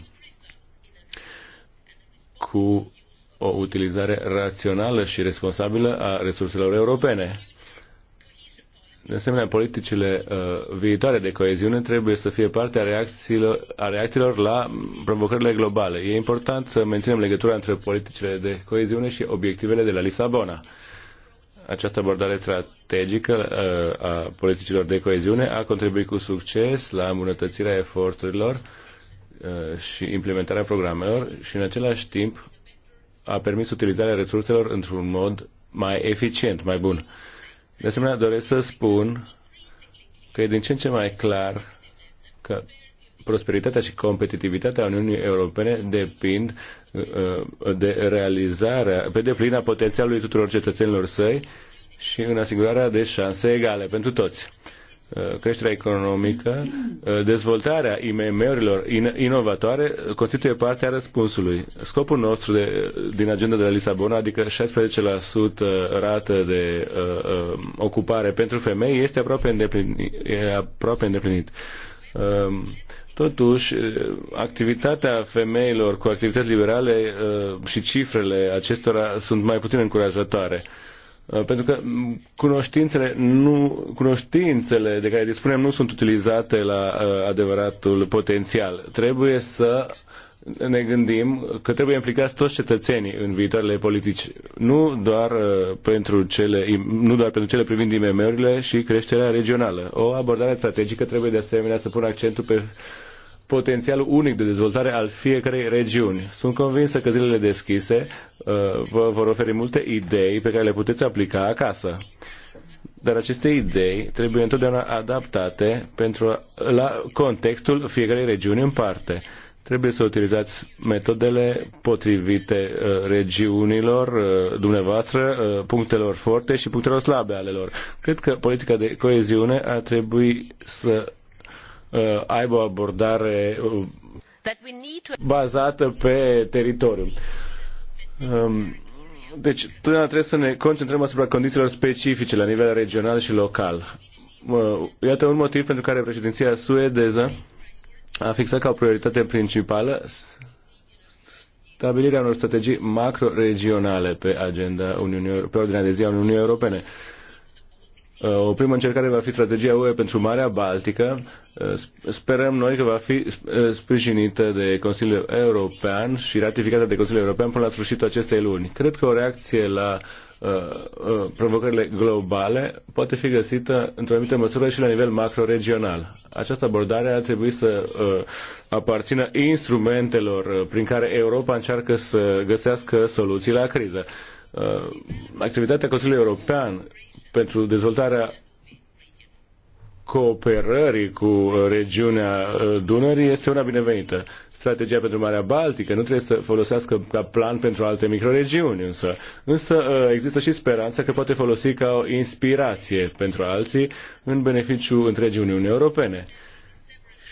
cu o utilizare rațională și responsabilă a resurselor europene. De asemenea, politicile uh, viitoare de coeziune trebuie să fie parte a reacțiilor, a reacțiilor la provocările globale. E important să menținem legătura între politicile de coeziune și obiectivele de la Lisabona. Uh, această abordare strategică uh, a politicilor de coeziune a contribuit cu succes la îmbunătățirea eforturilor uh, și implementarea programelor și în același timp a permis utilizarea resurselor într-un mod mai eficient, mai bun. De asemenea, doresc să spun că e din ce în ce mai clar că prosperitatea și competitivitatea Uniunii Europene depind uh, de realizarea pe deplina potențialului tuturor cetățenilor săi și în asigurarea de șanse egale pentru toți. Uh, creșterea economică, uh, dezvoltarea IMM-urilor inovatoare constituie parte a răspunsului. Scopul nostru de, din agenda de la Lisabona, adică 16% rată de uh, ocupare pentru femei, este aproape îndeplinit. E aproape îndeplinit. Uh, Totuși, activitatea femeilor cu activități liberale și cifrele acestora sunt mai puțin încurajatoare pentru că cunoștințele, nu, cunoștințele de care dispunem nu sunt utilizate la adevăratul potențial. Trebuie să ne gândim că trebuie implicați toți cetățenii în viitoarele politici, nu doar, pentru, cele, nu doar pentru cele privind IMM-urile și creșterea regională. O abordare strategică trebuie de asemenea să pună accentul pe potențialul unic de dezvoltare al fiecarei regiuni. Sunt convinsă că zilele deschise uh, vă vor oferi multe idei pe care le puteți aplica acasă. Dar aceste idei trebuie întotdeauna adaptate pentru la contextul fiecarei regiuni în parte trebuie să utilizați metodele potrivite uh, regiunilor uh, dumneavoastră, uh, punctelor forte și punctelor slabe ale lor. Cred că politica de coeziune ar trebui să Uh, aibă o abordare uh, bazată pe teritoriu. Um, deci, trebuie să ne concentrăm asupra condițiilor specifice la nivel regional și local. Iată un motiv pentru care președinția suedeză a fixat ca o prioritate principală stabilirea unor strategii macro-regionale pe agenda Uniunii, pe ordinea de zi a Uniunii Europene. O primă încercare va fi strategia UE pentru Marea Baltică. Sperăm noi că va fi sprijinită de Consiliul European și ratificată de Consiliul European până la sfârșitul acestei luni. Cred că o reacție la uh, uh, provocările globale poate fi găsită într-o anumită măsură și la nivel macroregional. Această abordare ar trebui să uh, aparțină instrumentelor prin care Europa încearcă să găsească soluții la criză. Activitatea Consiliului European pentru dezvoltarea cooperării cu uh, regiunea uh, Dunării este una binevenită. Strategia pentru Marea Baltică nu trebuie să folosească ca plan pentru alte microregiuni, însă. Însă uh, există și speranța că poate folosi ca o inspirație pentru alții în beneficiu întregii Uniunii Europene.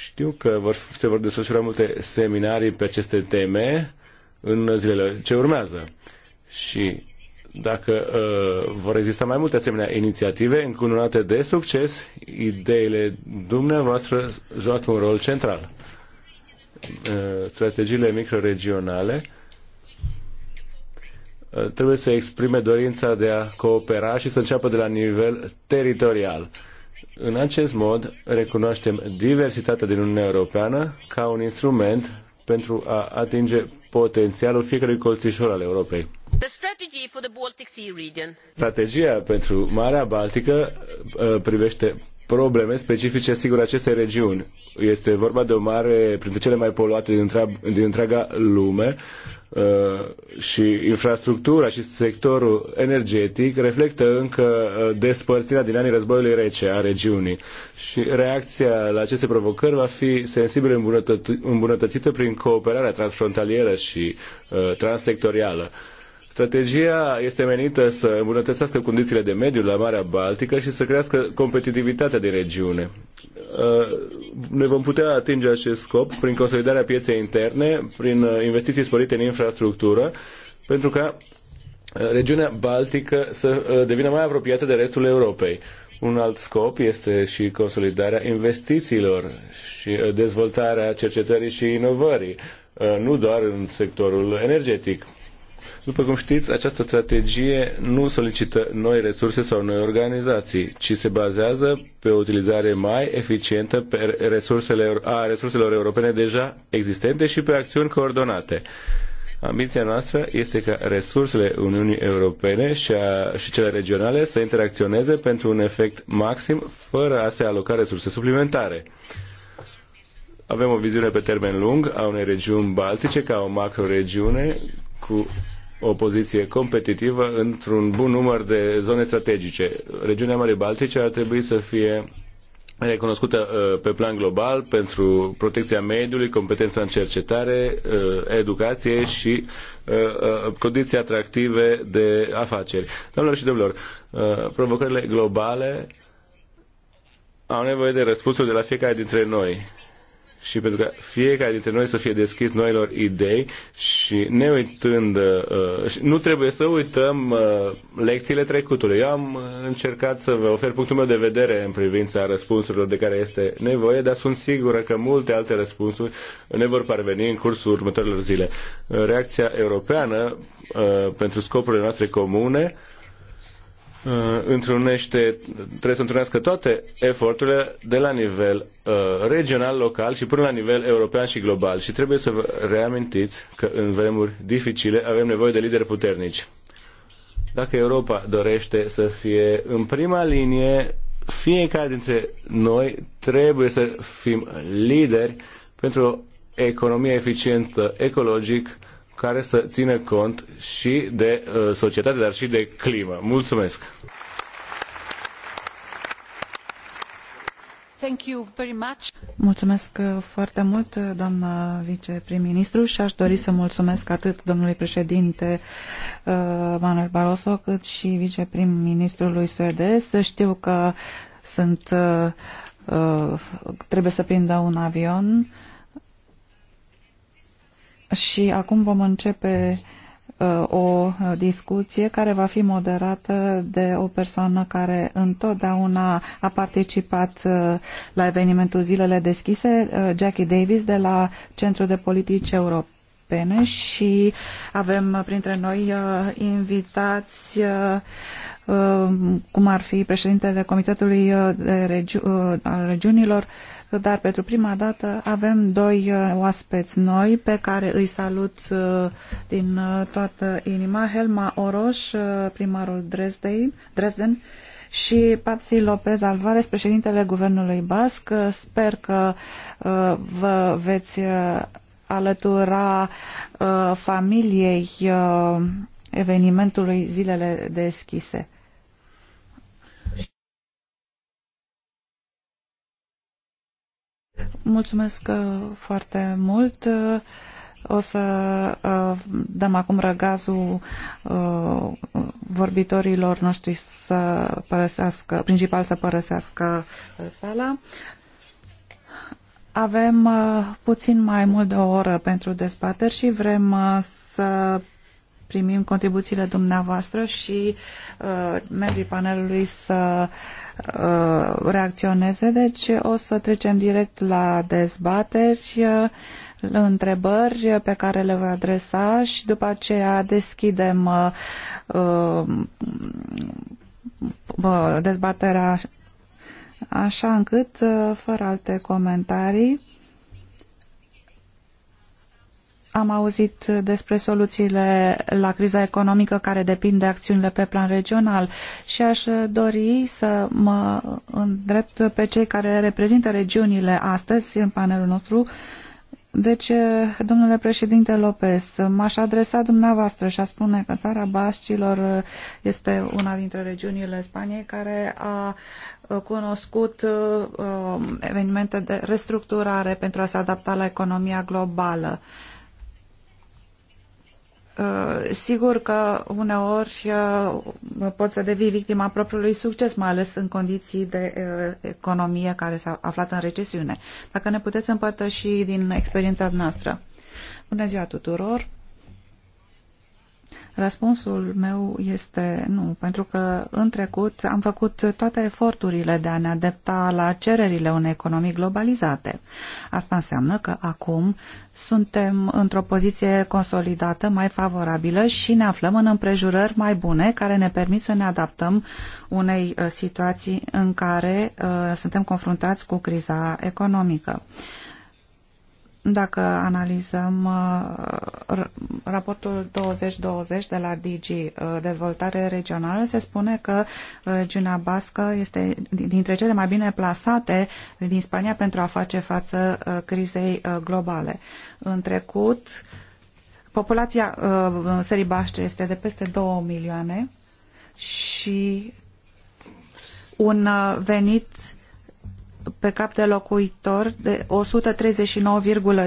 Știu că vor, se vor desfășura multe seminarii pe aceste teme în zilele ce urmează. Și dacă uh, vor exista mai multe asemenea inițiative încununate de succes, ideile dumneavoastră joacă un rol central. Uh, strategiile microregionale uh, trebuie să exprime dorința de a coopera și să înceapă de la nivel teritorial. În acest mod, recunoaștem diversitatea din Uniunea Europeană ca un instrument pentru a atinge potențialul fiecărui colțișor al Europei. Strategia pentru Marea Baltică uh, privește probleme specifice, sigur, acestei regiuni. Este vorba de o mare, printre cele mai poluate din, întreag, din întreaga lume uh, și infrastructura și sectorul energetic reflectă încă uh, despărțirea din anii războiului rece a regiunii și reacția la aceste provocări va fi sensibil îmbunătățită prin cooperarea transfrontalieră și transsectorială. Strategia este menită să îmbunătățească condițiile de mediu la Marea Baltică și să crească competitivitatea din regiune. Uh, ne vom putea atinge acest scop prin consolidarea pieței interne, prin uh, investiții sporite în infrastructură, pentru ca uh, regiunea Baltică să devină mai apropiată de restul Europei. Un alt scop este și consolidarea investițiilor și dezvoltarea cercetării și inovării, nu doar în sectorul energetic. După cum știți, această strategie nu solicită noi resurse sau noi organizații, ci se bazează pe o utilizare mai eficientă pe resursele, a resurselor europene deja existente și pe acțiuni coordonate. Ambiția noastră este ca resursele Uniunii Europene și, a, și cele regionale să interacționeze pentru un efect maxim fără a se aloca resurse suplimentare. Avem o viziune pe termen lung a unei regiuni baltice ca o macro-regiune cu o poziție competitivă într-un bun număr de zone strategice. Regiunea Marii Baltice ar trebui să fie recunoscută uh, pe plan global pentru protecția mediului, competența în cercetare, uh, educație și uh, condiții atractive de afaceri. Doamnelor și domnilor, provocările globale au nevoie de răspunsuri de la fiecare dintre noi și pentru că fiecare dintre noi să fie deschis noilor idei și ne uitând, uh, nu trebuie să uităm uh, lecțiile trecutului. Eu am uh, încercat să vă ofer punctul meu de vedere în privința răspunsurilor de care este nevoie, dar sunt sigură că multe alte răspunsuri ne vor parveni în cursul următorilor zile. Reacția europeană pentru scopurile noastre comune Uh, întrunește, trebuie să întrunească toate eforturile de la nivel uh, regional, local și până la nivel european și global. Și trebuie să vă reamintiți că în vremuri dificile avem nevoie de lideri puternici. Dacă Europa dorește să fie în prima linie, fiecare dintre noi trebuie să fim lideri pentru o economie eficientă, ecologic, uh, care să țină cont și de uh, societate, dar și de climă. Mulțumesc! Mulțumesc uh, foarte mult, uh, doamna viceprim-ministru, și aș dori să mulțumesc atât domnului președinte Manuel Barroso, cât și viceprim-ministrului suedez. Știu că sunt, trebuie să prindă un avion și acum vom începe uh, o uh, discuție care va fi moderată de o persoană care întotdeauna a participat uh, la evenimentul Zilele Deschise, Jackie Davis de la Centrul de Politici Europene și avem printre noi uh, invitați uh, cum ar fi președintele Comitetului de Regi- uh, al Regiunilor, dar pentru prima dată avem doi uh, oaspeți noi pe care îi salut uh, din uh, toată inima, Helma Oroș, primarul Dresdei, Dresden, și Patsy Lopez Alvarez, președintele Guvernului Basc. Sper că vă veți alătura familiei evenimentului Zilele Deschise. Mulțumesc uh, foarte mult. O să uh, dăm acum răgazul uh, vorbitorilor noștri să părăsească, principal să părăsească sala. Avem puțin mai mult de o oră pentru dezbateri și vrem să primim contribuțiile dumneavoastră și membrii panelului să uh, Uh, reacționeze, deci o să trecem direct la dezbateri, uh, întrebări pe care le voi adresa și după aceea deschidem uh, dezbaterea așa încât, fără alte comentarii, am auzit despre soluțiile la criza economică care depind de acțiunile pe plan regional și aș dori să mă îndrept pe cei care reprezintă regiunile astăzi în panelul nostru. Deci, domnule președinte Lopez, m-aș adresa dumneavoastră și a spune că țara Bascilor este una dintre regiunile Spaniei care a cunoscut um, evenimente de restructurare pentru a se adapta la economia globală. Uh, Uh, sigur că uneori uh, poți să devii victima propriului succes, mai ales în condiții de uh, economie care s-a aflat în recesiune. Dacă ne puteți împărtăși din experiența noastră. Bună ziua tuturor! Răspunsul meu este nu, pentru că în trecut am făcut toate eforturile de a ne adapta la cererile unei economii globalizate. Asta înseamnă că acum suntem într-o poziție consolidată, mai favorabilă și ne aflăm în împrejurări mai bune care ne permit să ne adaptăm unei uh, situații în care uh, suntem confruntați cu criza economică. Uh, dacă analizăm uh, raportul 2020 de la DG uh, Dezvoltare Regională, se spune că uh, regiunea bască este dintre cele mai bine plasate din Spania pentru a face față crizei globale. În trecut, populația Sării Bașce este de peste 2 milioane și un venit pe cap de locuitor de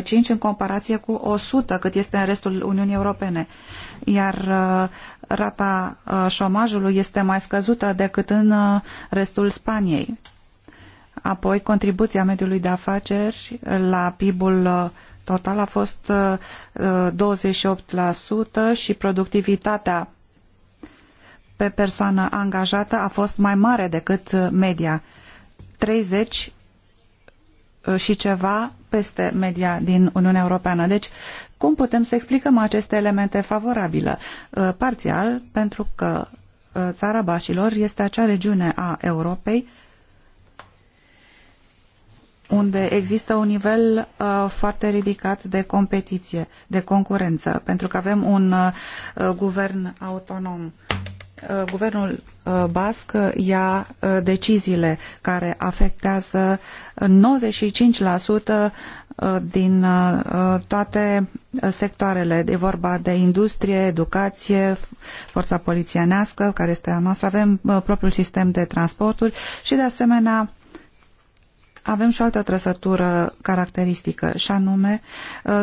139,5 în comparație cu 100 cât este în restul Uniunii Europene. Iar uh, rata uh, șomajului este mai scăzută decât în uh, restul Spaniei. Apoi, contribuția mediului de afaceri la PIB-ul total a fost 28% și productivitatea pe persoană angajată a fost mai mare decât media 30 uh, și ceva peste media din Uniunea Europeană. Deci, cum putem să explicăm aceste elemente favorabile? Uh, parțial, pentru că uh, țara Bașilor este acea regiune a Europei unde există un nivel uh, foarte ridicat de competiție, de concurență, pentru că avem un uh, guvern autonom Uh, guvernul uh, basc uh, ia deciziile care afectează 95% din toate sectoarele. E vorba de industrie, educație, forța polițienească, care este a noastră. Avem propriul sistem de transporturi și, de asemenea, avem și o altă trăsătură caracteristică, și anume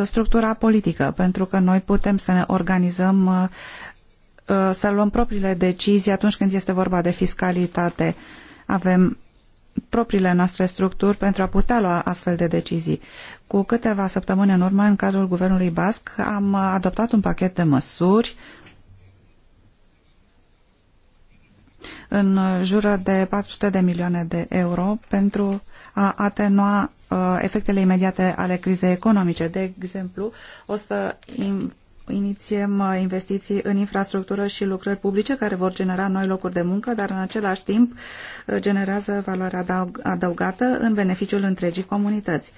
structura politică, pentru că noi putem să ne organizăm Uh, să luăm propriile decizii atunci când este vorba de fiscalitate. Avem propriile noastre structuri pentru a putea lua astfel de decizii. Cu câteva săptămâni în urmă, în cadrul Guvernului Basc, am adoptat un pachet de măsuri în jură de 400 de milioane de euro pentru a atenua uh, efectele imediate ale crizei economice. De exemplu, o să inițiem uh, investiții în infrastructură și lucrări publice care vor genera noi locuri de muncă, dar în același timp uh, generează valoare adăugată în beneficiul întregii comunități.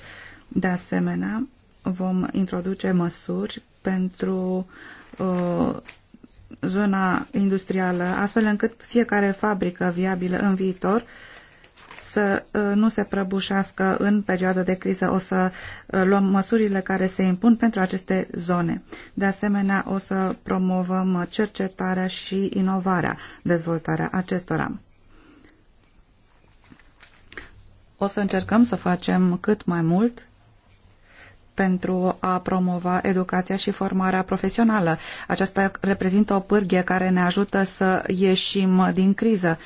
De asemenea, vom introduce măsuri pentru uh, zona industrială, astfel încât fiecare fabrică viabilă în viitor uh, să uh, nu se prăbușească în perioada de criză. O să uh, luăm măsurile care se impun pentru aceste zone. De asemenea, o să promovăm cercetarea și inovarea, dezvoltarea acestora. O să încercăm să facem cât mai mult pentru a promova educația și formarea profesională. Aceasta reprezintă o pârghie care ne ajută să ieșim din criză.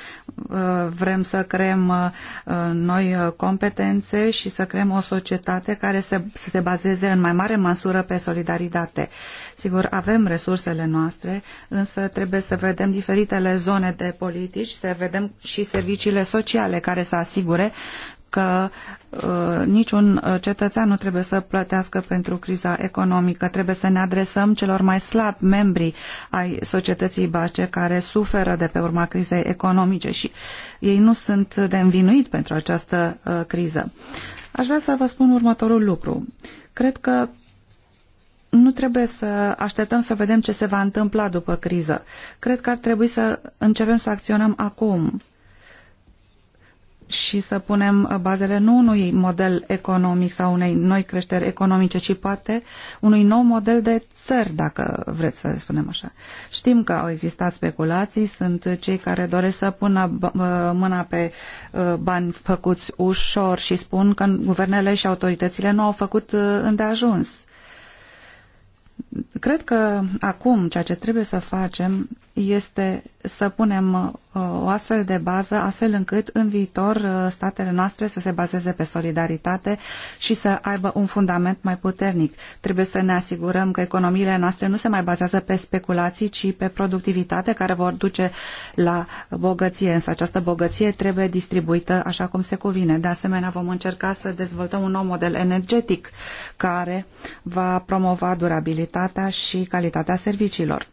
Uh, vrem să creăm uh, noi competențe și să creăm o societate care să, se bazeze în mai mare măsură pe solidaritate. Sigur, avem resursele noastre, însă trebuie să vedem diferitele zone de politici, să vedem și serviciile sociale care să asigure că uh, niciun uh, cetățean nu trebuie să plătească pentru criza economică. Trebuie să ne adresăm celor mai slabi membri ai societății bace care suferă de pe urma crizei economice și ei nu sunt de învinuit pentru această uh, criză. Aș vrea să vă spun următorul lucru. Cred că nu trebuie să așteptăm să vedem ce se va întâmpla după criză. Cred că ar trebui să începem să acționăm acum și să punem uh, bazele nu unui model economic sau unei noi creșteri economice, ci poate unui nou model de țări, dacă vreți să spunem așa. Știm că au existat speculații, sunt cei care doresc să pună uh, mâna pe uh, bani făcuți ușor și spun că guvernele și autoritățile nu au făcut îndeajuns. Cred că acum ceea ce trebuie să facem este să punem o astfel de bază, astfel încât în viitor uh, statele noastre să se bazeze pe solidaritate și să aibă un fundament mai puternic. Trebuie să ne asigurăm că economiile noastre nu se mai bazează pe speculații, ci pe productivitate care vor duce la bogăție. Însă această bogăție trebuie distribuită așa cum se cuvine. De asemenea, vom încerca să dezvoltăm un nou model energetic care va promova durabilitatea și calitatea serviciilor.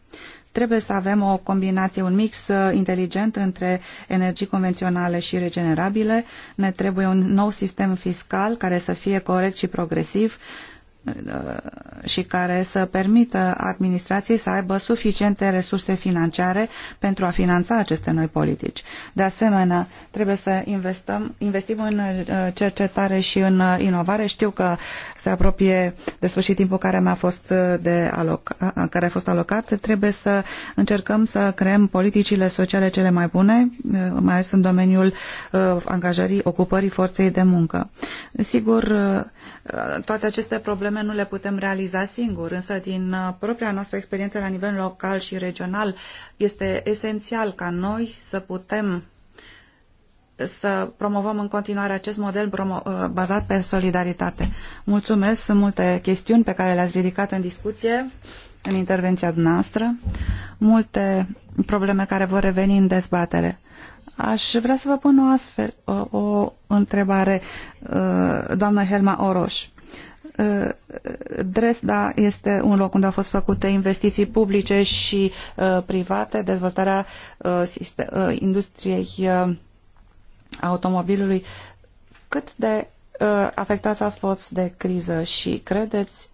Trebuie să avem o combinație, un mix uh, inteligent între energii convenționale și regenerabile. Ne trebuie un nou sistem fiscal care să fie corect și progresiv și care să permită administrației să aibă suficiente resurse financiare pentru a finanța aceste noi politici. De asemenea, trebuie să investăm, investim în uh, cercetare și în uh, inovare. Știu că se apropie de sfârșit timpul care mi-a fost uh, de aloc, care a fost alocat. Trebuie să încercăm să creăm politicile sociale cele mai bune, mai ales în domeniul angajării, ocupării forței de muncă. Sigur, toate aceste probleme probleme nu le putem realiza singuri, însă din uh, propria noastră experiență la nivel local și regional este esențial ca noi să putem să promovăm în continuare acest model uh, bazat pe solidaritate. Mulțumesc, sunt multe chestiuni pe care le-ați ridicat în discuție în intervenția noastră, multe probleme care vor reveni în dezbatere. Aș vrea să vă pun o astfel o, o întrebare, uh, doamna Helma Oroș. Eh, Dresda este un loc unde au fost făcute investiții publice și eh, private, dezvoltarea eh, industriei automobilului. Cât de afectați ați fost de criză și credeți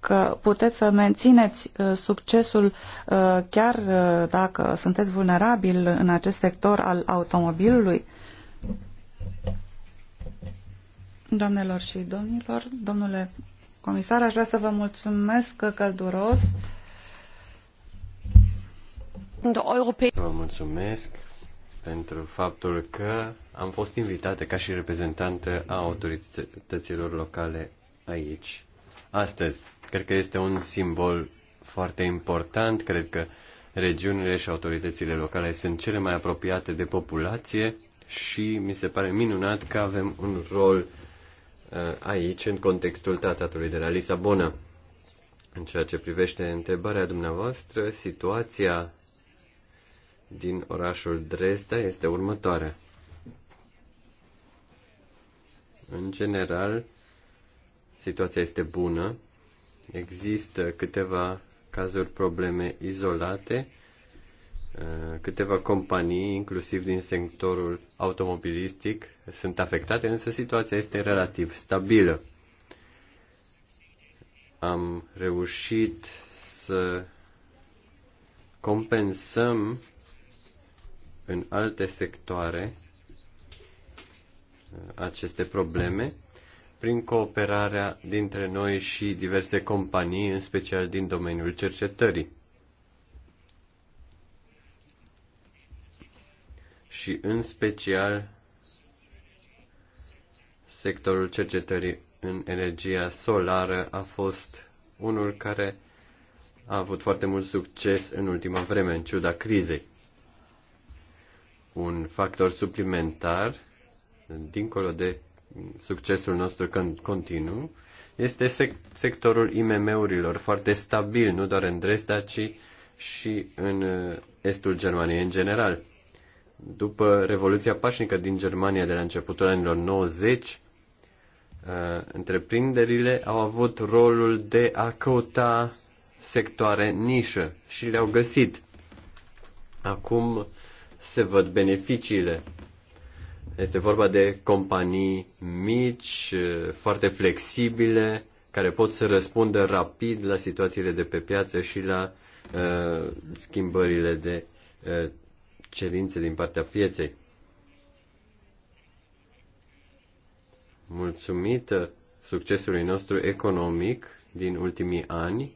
că puteți să mențineți succesul chiar dacă sunteți vulnerabil în acest sector al automobilului? Doamnelor și domnilor, domnule comisar, aș vrea să vă mulțumesc călduros. Vă mulțumesc pentru faptul că am fost invitată ca și reprezentantă a autorităților locale aici astăzi. Cred că este un simbol foarte important. Cred că regiunile și autoritățile locale sunt cele mai apropiate de populație și mi se pare minunat că avem un rol Uh, aici, în contextul tratatului de la Lisabona. În ceea ce privește întrebarea dumneavoastră, situația din orașul Dresda este următoarea. În general, situația este bună. Există câteva cazuri probleme izolate Eh, câteva companii, inclusiv din sectorul automobilistic, sunt afectate, însă situația este relativ stabilă. Am reușit să compensăm în alte sectoare eh, aceste probleme prin cooperarea dintre noi și diverse companii, în special din domeniul cercetării. și în special sectorul cercetării în energia solară a fost unul care a avut foarte mult succes în ultima vreme, în ciuda crizei. Un factor suplimentar, dincolo de succesul nostru continuu, este sec- sectorul IMM-urilor, foarte stabil, nu doar în Dresda, ci și în uh, estul Germaniei în general. După Revoluția Pașnică din Germania de la începutul anilor 90, uh, întreprinderile au avut rolul de a căuta sectoare nișă și le-au găsit. Acum se văd beneficiile. Este vorba de companii mici, uh, foarte flexibile, care pot să răspundă rapid la situațiile de pe piață și la uh, schimbările de uh, cerințe din partea pieței. Mulțumită succesului nostru economic din ultimii ani,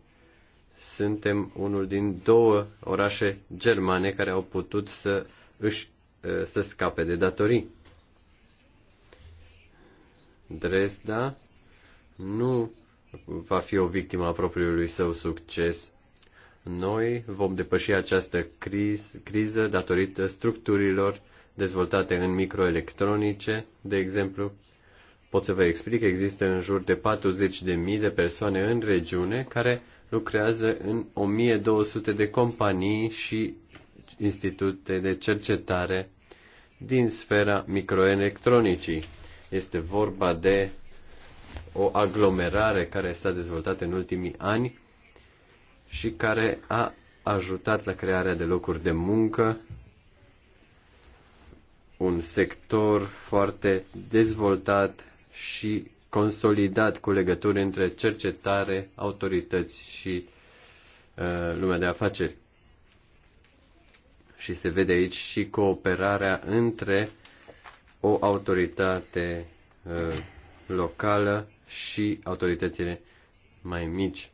suntem unul din două orașe germane care au putut să își ă, să scape de datorii. Dresda nu va fi o victimă a propriului său succes noi vom depăși această criz, criză datorită structurilor dezvoltate în microelectronice, de exemplu. Pot să vă explic, există în jur de 40.000 de persoane în regiune care lucrează în 1200 de companii și institute de cercetare din sfera microelectronicii. Este vorba de o aglomerare care s-a dezvoltat în ultimii ani și care a ajutat la crearea de locuri de muncă, un sector foarte dezvoltat și consolidat cu legături între cercetare, autorități și uh, lumea de afaceri. Și se vede aici și cooperarea între o autoritate uh, locală și autoritățile mai mici.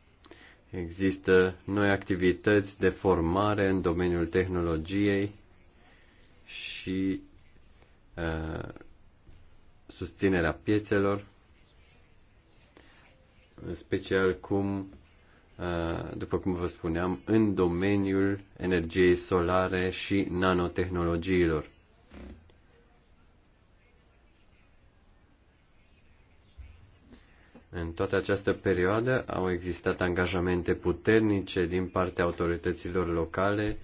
Există noi activități de formare în domeniul tehnologiei și uh, susținerea piețelor, în special cum, uh, după cum vă spuneam, în domeniul energiei solare și nanotehnologiilor. În toată această perioadă au existat angajamente puternice din partea autorităților locale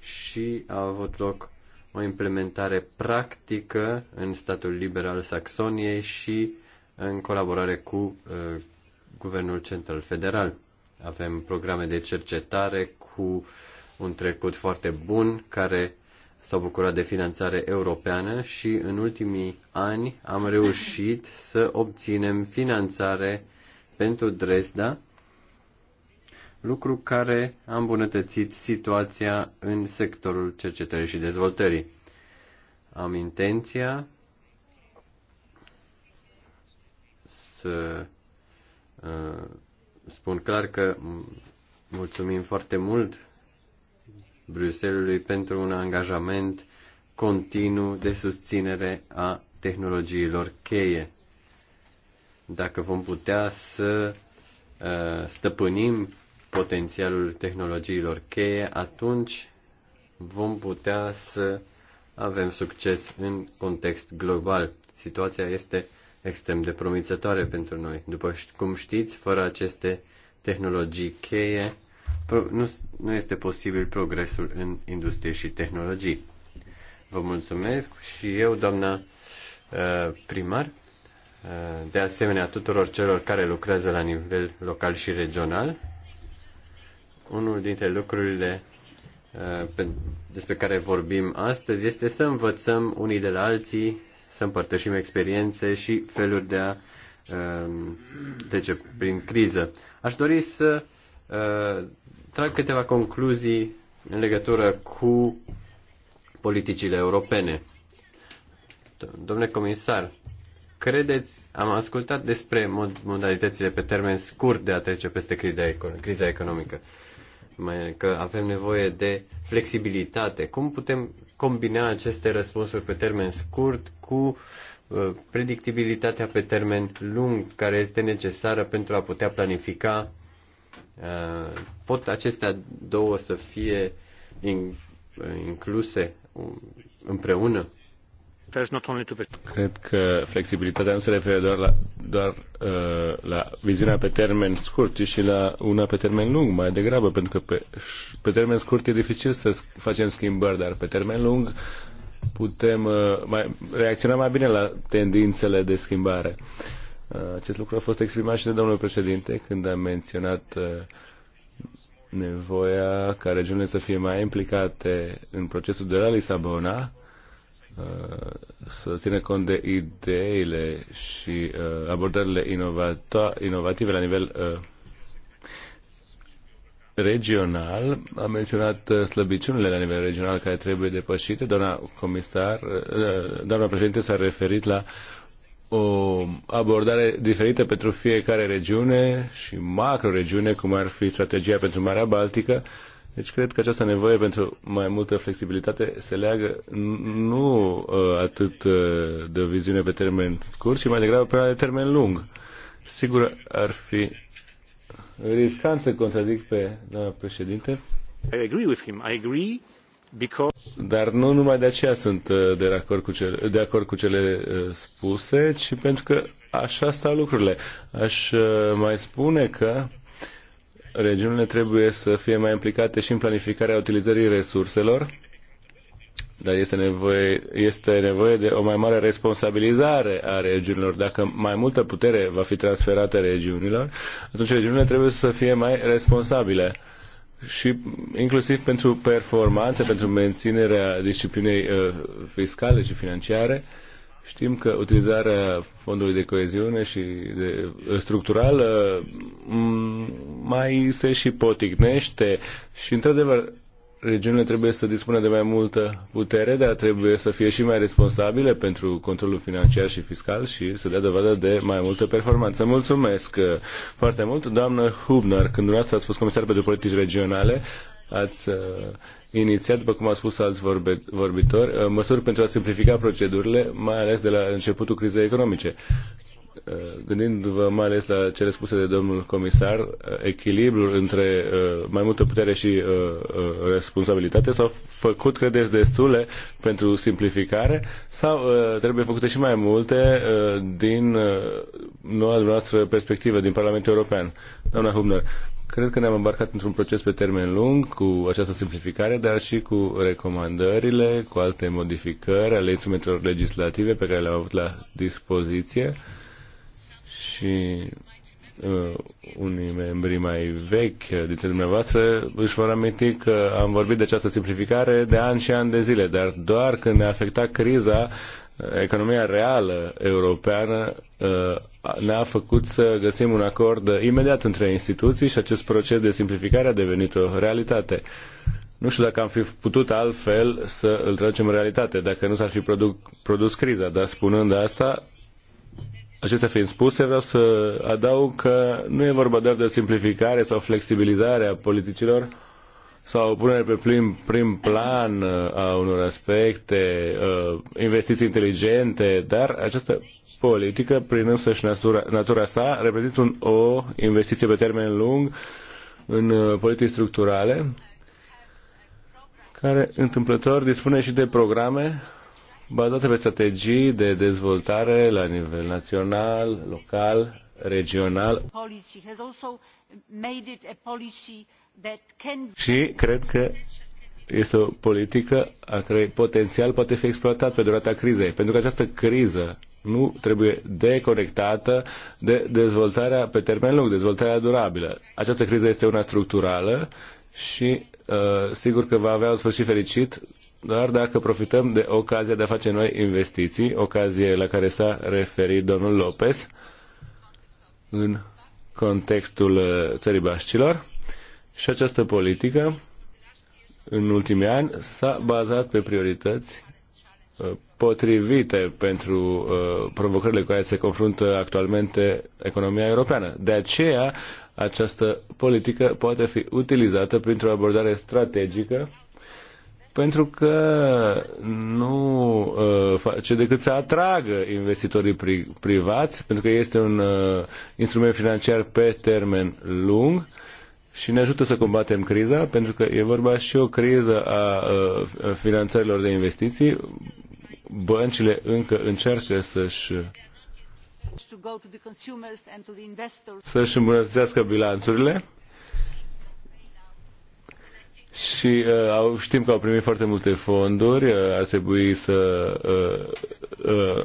și a avut loc o implementare practică în statul liber al Saxoniei și în colaborare cu uh, Guvernul Central Federal. Avem programe de cercetare cu un trecut foarte bun care uh, s-au bucurat de finanțare europeană și în ultimii ani am reușit să obținem finanțare pentru Dresda, lucru care a îmbunătățit situația în sectorul cercetării și dezvoltării. Am intenția să uh, spun clar că mulțumim foarte mult Bruxellesului pentru un angajament continuu de susținere a tehnologiilor cheie. Dacă vom putea să uh, stăpânim potențialul tehnologiilor cheie, atunci vom putea să avem succes în context global. Situația este extrem de promițătoare pentru noi. După cum știți, fără aceste tehnologii cheie, nu, nu este posibil progresul în industrie și tehnologii. Vă mulțumesc și eu, doamna uh, primar, uh, de asemenea tuturor celor care lucrează la nivel local și regional. Unul dintre lucrurile uh, despre care vorbim astăzi este să învățăm unii de la alții, să împărtășim experiențe și feluri de a trece prin criză. Aș dori să Uh, trag câteva concluzii în legătură cu politicile europene. Domnule comisar, credeți, am ascultat despre mod, modalitățile pe termen scurt de a trece peste criza economică, că avem nevoie de flexibilitate. Cum putem combina aceste răspunsuri pe termen scurt cu uh, predictibilitatea pe termen lung care este necesară pentru a putea planifica Uh, pot acestea două să fie incluse um, împreună? Cred că flexibilitatea nu se referă doar la, doar, uh, la viziunea pe termen scurt, ci și la una pe termen lung, mai degrabă, pentru că pe, pe termen scurt e dificil să facem schimbări, dar pe termen lung putem uh, mai, reacționa mai bine la tendințele de schimbare. Uh, acest lucru a fost exprimat și de domnul președinte când a menționat uh, nevoia ca regiunile să fie mai implicate în procesul de la Lisabona, uh, să țină cont de ideile și uh, abordările inovative la nivel regional. A menționat slăbiciunile la nivel regional care trebuie depășite. Doamna comisar, doamna președinte s-a referit la o abordare diferită pentru fiecare regiune și macro-regiune, cum ar fi strategia pentru Marea Baltică. Deci cred că această nevoie pentru mai multă flexibilitate se leagă nu uh, atât uh, de o viziune pe termen scurt, ci mai degrabă pe de termen lung. Sigur ar fi riscant să contradic pe doamna președinte. I agree with him. I agree dar nu numai de aceea sunt uh, de acord cu cele, de acord cu cele uh, spuse, ci pentru că așa stau lucrurile. Aș uh, mai spune că regiunile trebuie să fie mai implicate și în planificarea utilizării resurselor, dar este nevoie, este nevoie de o mai mare responsabilizare a regiunilor. Dacă mai multă putere va fi transferată regiunilor, atunci regiunile trebuie să fie mai responsabile și inclusiv pentru performanță, pentru menținerea disciplinei uh, fiscale și financiare. Știm că utilizarea fondului de coeziune și de, uh, structurală mm, mai se și poticnește și, într-adevăr, regiunile trebuie să dispună de mai multă putere, dar trebuie să fie și mai responsabile pentru controlul financiar și fiscal și să dea dovadă de mai multă performanță. Mulțumesc foarte mult, doamnă Hubner, când dumneavoastră ați fost comisar pentru politici regionale, ați uh, inițiat, după cum a spus alți vorbe, vorbitori, uh, măsuri pentru a simplifica procedurile, mai ales de la începutul crizei economice. Eh, gândindu-vă mai ales la cele spuse de domnul comisar, eh, echilibrul între eh, mai multă putere și responsabilitate s-au făcut, credeți, destule pentru simplificare sau trebuie făcute și mai multe din noua noastră perspectivă din Parlamentul European? Doamna Hubner, cred că ne-am îmbarcat într-un proces pe termen lung cu această simplificare, dar și cu recomandările, cu alte modificări ale instrumentelor legislative pe care le-am avut la dispoziție și uh, unii membri mai vechi dintre dumneavoastră își vor aminti că am vorbit de această simplificare de ani și ani de zile, dar doar când ne a afectat criza, uh, economia reală europeană uh, ne-a făcut să găsim un acord imediat între instituții și acest proces de simplificare a devenit o realitate. Nu știu dacă am fi putut altfel să îl tragem în realitate, dacă nu s-ar fi produs criza, dar spunând asta, Acestea fiind spuse, vreau să adaug că nu e vorba doar de simplificare sau flexibilizare a politicilor sau punere pe prim, prim plan uh, a unor aspecte, uh, investiții inteligente, dar această politică, prin însăși natura, natura sa, reprezintă un, o investiție pe termen lung în uh, politici structurale, care întâmplător dispune și de programe bazate pe strategii de dezvoltare la nivel național, local, regional. Și cred că este o politică a care potențial poate fi exploatat pe durata crizei, pentru că această criză nu trebuie deconectată de dezvoltarea pe termen lung, dezvoltarea durabilă. Această criză este una structurală și uh, sigur că va avea un sfârșit fericit doar dacă profităm de ocazia de a face noi investiții, ocazie la care s-a referit domnul Lopez în contextul uh, țării Bașcilor. Și această politică, în ultimii ani, s-a bazat pe priorități uh, potrivite pentru uh, provocările cu care se confruntă actualmente economia europeană. De aceea, această politică poate fi utilizată printr-o abordare strategică pentru că nu uh, face decât să atragă investitorii pri- privați, pentru că este un uh, instrument financiar pe termen lung și ne ajută să combatem criza, pentru că e vorba și o criză a uh, finanțărilor de investiții. Băncile încă încearcă să-și să-și îmbunătățească bilanțurile și uh, au, știm că au primit foarte multe fonduri, uh, ar trebui să uh, uh,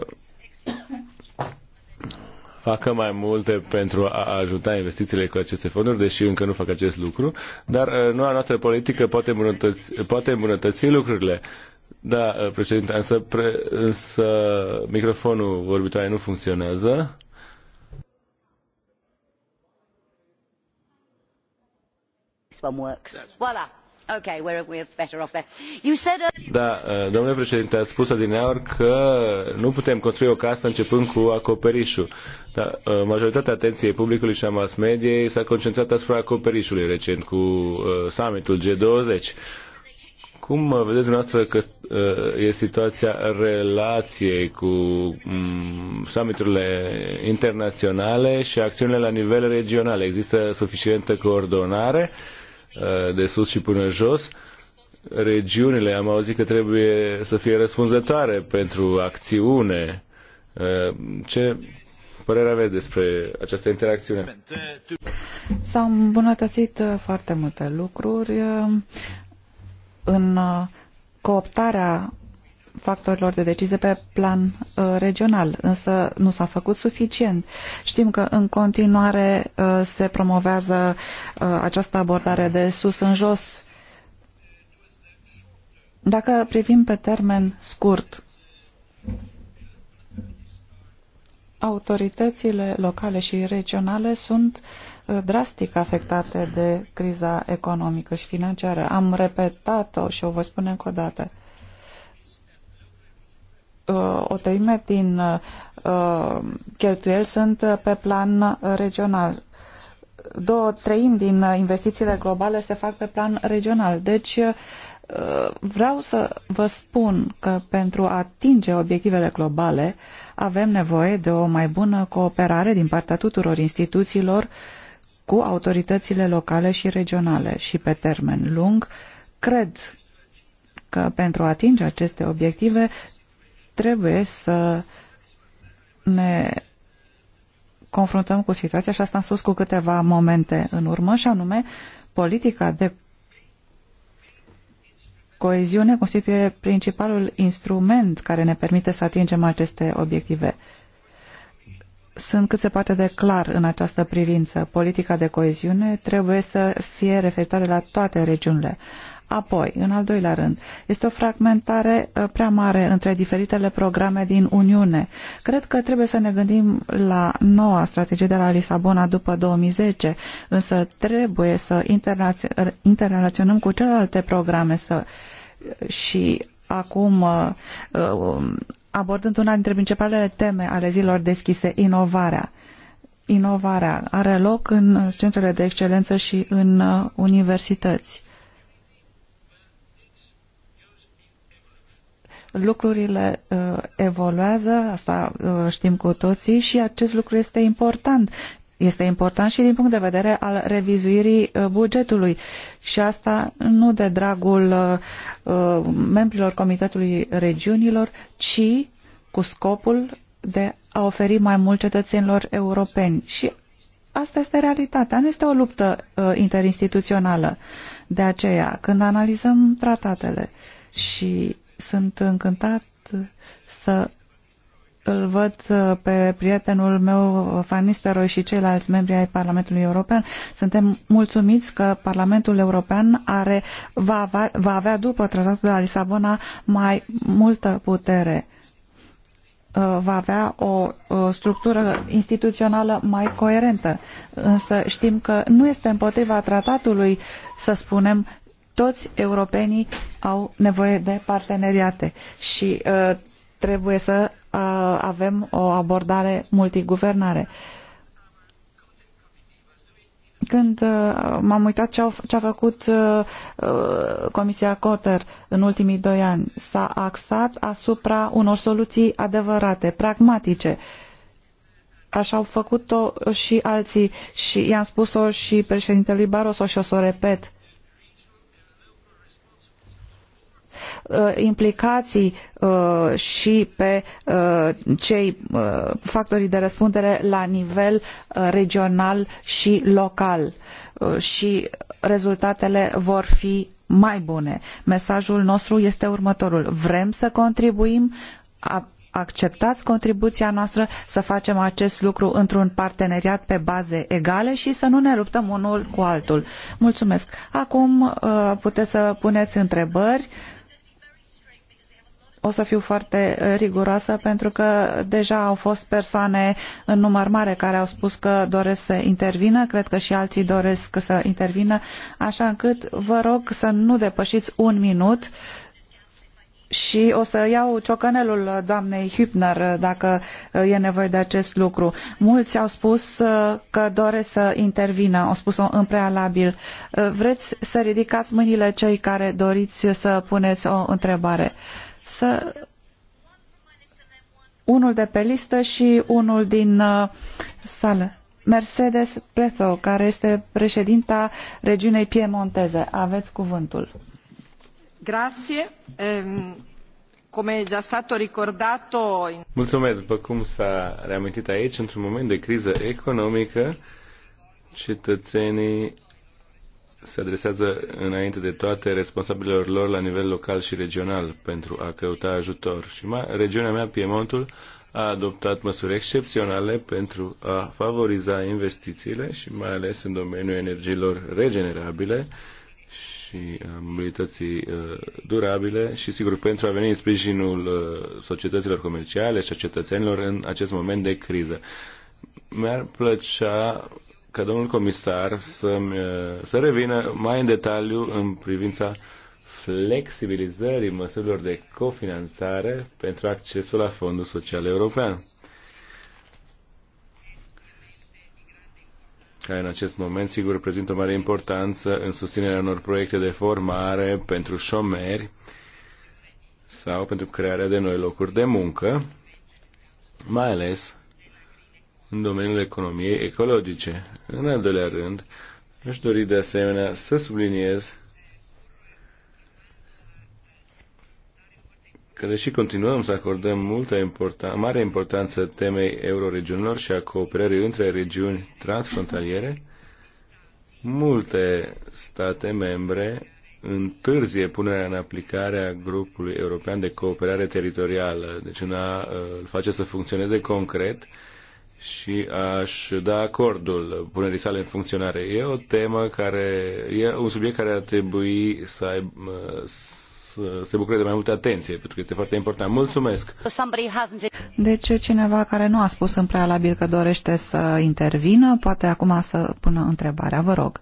facă mai multe pentru a ajuta investițiile cu aceste fonduri, deși încă nu fac acest lucru, dar uh, noua noastră politică poate îmbunătăți, poate îmbunătăți lucrurile. Da, uh, președinte, însă, pre, însă microfonul vorbitoare nu funcționează. This one works. Voilà. Okay, we're, we're better off there. You said... Da, uh, domnule președinte, ați spus adineaur că nu putem construi o casă începând cu acoperișul. Dar uh, majoritatea atenției publicului și a mass mediei s-a concentrat asupra acoperișului recent cu uh, summitul G20. Cum vedeți dumneavoastră că e situația relației cu mm, summiturile internaționale și acțiunile la nivel regional? Există suficientă coordonare? Uh, de sus și până jos, regiunile am auzit că trebuie să fie răspunzătoare pentru acțiune. Uh, ce părere aveți despre această interacțiune? S-au îmbunătățit uh, foarte multe lucruri în cooptarea factorilor de decizie pe plan uh, regional, însă nu s-a făcut suficient. Știm că în continuare uh, se promovează uh, această abordare de sus în jos. Dacă privim pe termen scurt, autoritățile locale și regionale sunt uh, drastic afectate de criza economică și financiară. Am repetat-o și o voi spune încă o dată Uh, o treime din uh, cheltuieli sunt uh, pe plan regional. Două treimi din investițiile globale se fac pe plan regional. Deci vreau să vă spun că pentru a atinge obiectivele globale avem nevoie de o mai bună cooperare din partea tuturor instituțiilor cu autoritățile locale și regionale și pe termen lung cred că pentru a atinge aceste obiective trebuie să ne confruntăm cu situația și asta am spus cu câteva momente în urmă și anume politica de coeziune constituie principalul instrument care ne permite să atingem aceste obiective. Sunt cât se poate de clar în această privință. Politica de coeziune trebuie să fie referitoare la toate regiunile. Apoi, în al doilea rând, este o fragmentare uh, prea mare între diferitele programe din Uniune. Cred că trebuie să ne gândim la noua strategie de la Lisabona după 2010, însă trebuie să interrelaționăm cu celelalte programe să și acum uh, uh, abordând una dintre principalele teme ale zilor deschise, inovarea inovarea are loc în centrele de excelență și în universități. lucrurile uh, evoluează, asta uh, știm cu toții și acest lucru este important. Este important și din punct de vedere al revizuirii uh, bugetului și asta nu de dragul uh, uh, membrilor Comitetului Regiunilor, ci cu scopul de a oferi mai mult cetățenilor europeni. Și asta este realitatea, nu este o luptă uh, interinstituțională. De aceea, când analizăm tratatele și sunt încântat să îl văd uh, pe prietenul meu, Van și ceilalți membri ai Parlamentului European. Suntem mulțumiți că Parlamentul European are, va, avea, va avea după tratatul de la Lisabona mai multă putere. Uh, va avea o, o structură instituțională mai coerentă. Însă știm că nu este împotriva tratatului să spunem toți europenii au nevoie de parteneriate și uh, trebuie să uh, avem o abordare multiguvernare. Când uh, m-am uitat ce, au, ce a făcut uh, uh, Comisia Cotter în ultimii doi ani, s-a axat asupra unor soluții adevărate, pragmatice, așa au făcut-o și alții și i-am spus-o și președintelui Barroso și o să o repet. Uh, implicații uh, și pe uh, cei factorii de răspundere la nivel regional și local și rezultatele vor fi mai bune. Mesajul nostru este următorul. Vrem să contribuim, acceptați contribuția noastră să facem acest lucru într-un parteneriat pe baze egale și să nu ne luptăm unul cu altul. Mulțumesc. Acum puteți să puneți întrebări o să fiu foarte eh, riguroasă pentru că deja au fost persoane în număr mare care au spus că doresc să intervină, cred că și alții doresc să intervină, așa încât vă rog să nu depășiți un minut și o să iau ciocanelul doamnei Hübner eh, dacă eh, e nevoie de acest lucru. Mulți au spus că doresc să intervină, au spus-o în prealabil. Vreți să ridicați mâinile cei care doriți să puneți o întrebare să unul de pe listă și unul din uh, sală. Mercedes Preto, care este președinta regiunei piemonteze. Aveți cuvântul. Grazie. Um, come è già stato ricordato... Mulțumesc. După cum s-a reamintit aici, într-un moment de criză economică, cetățenii se adresează înainte de toate responsabililor lor la nivel local și regional pentru a căuta ajutor. Și ma, regiunea mea, Piemontul, a adoptat măsuri excepționale pentru a favoriza investițiile și mai ales în domeniul energiilor regenerabile și a mobilității uh, durabile și, sigur, pentru a veni în sprijinul uh, societăților comerciale și a cetățenilor în acest moment de criză. Mi-ar plăcea ca domnul comisar să, eh, să revină mai în detaliu în privința flexibilizării măsurilor de cofinanțare pentru accesul la Fondul Social European, care în acest moment, sigur, reprezintă o mare importanță în susținerea unor proiecte de formare pentru șomeri sau pentru crearea de noi locuri de muncă, mai ales în domeniul economiei ecologice. În al doilea rând, aș dori de asemenea să subliniez că deși continuăm să acordăm multă importan- mare importanță temei euroregiunilor și a cooperării între regiuni transfrontaliere, multe state membre întârzie punerea în aplicare a grupului european de cooperare teritorială. Deci una îl face să funcționeze concret și aș da acordul punerii sale în funcționare. E o temă care, e un subiect care ar trebui să, aibă să se bucure de mai multă atenție, pentru că este foarte important. Mulțumesc! Deci cineva care nu a spus în prealabil că dorește să intervină, poate acum să pună întrebarea. Vă rog!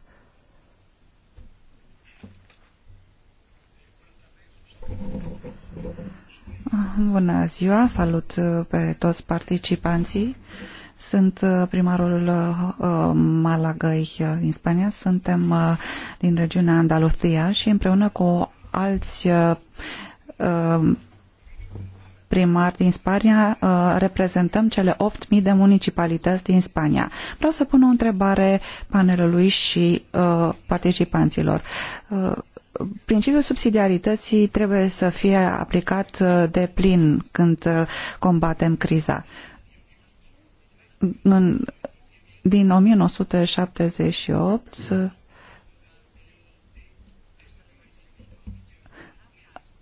Ah, bună ziua, salut pe toți participanții. Sunt uh, primarul uh, Malagăi uh, din Spania, suntem din regiunea Andalusia și împreună cu alți primari din Spania, reprezentăm cele 8.000 de municipalități din Spania. Vreau să pun o întrebare panelului și participanților principiul subsidiarității trebuie să fie aplicat de plin când combatem criza în, din 1978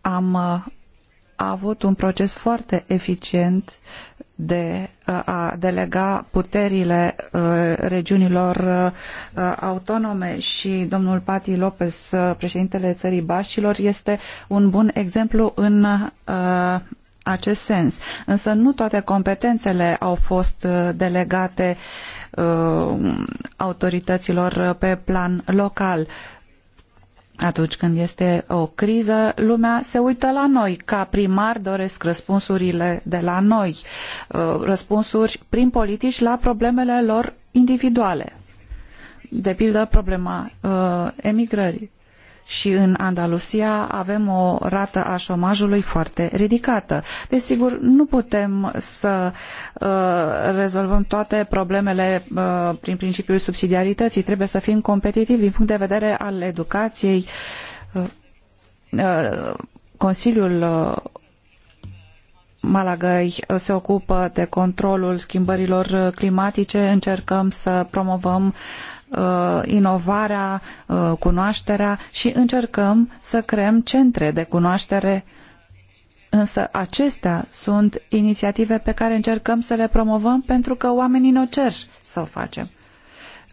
am uh, avut un proces foarte eficient de uh, a delega puterile uh, regiunilor autonome și domnul Pati Lopez, președintele țării Bașilor, este un bun exemplu în acest sens. Însă nu toate competențele au fost uh, delegate uh, autorităților pe plan local. Atunci când este o criză, lumea se uită la noi. Ca primar doresc răspunsurile de la noi, uh, răspunsuri prin politici la problemele lor individuale. De pildă, problema uh, emigrării și în Andalusia avem o rată a șomajului foarte ridicată. Desigur, nu putem să uh, rezolvăm toate problemele uh, prin principiul subsidiarității. Trebuie să fim competitivi din punct de vedere al educației. Uh, uh Consiliul uh, Malagăi uh, se ocupă de controlul schimbărilor climatice, încercăm să promovăm Uh, inovarea, uh, cunoașterea și încercăm să creăm centre de cunoaștere Însă acestea sunt inițiative pe care încercăm să le promovăm pentru că oamenii ne cer să o facem.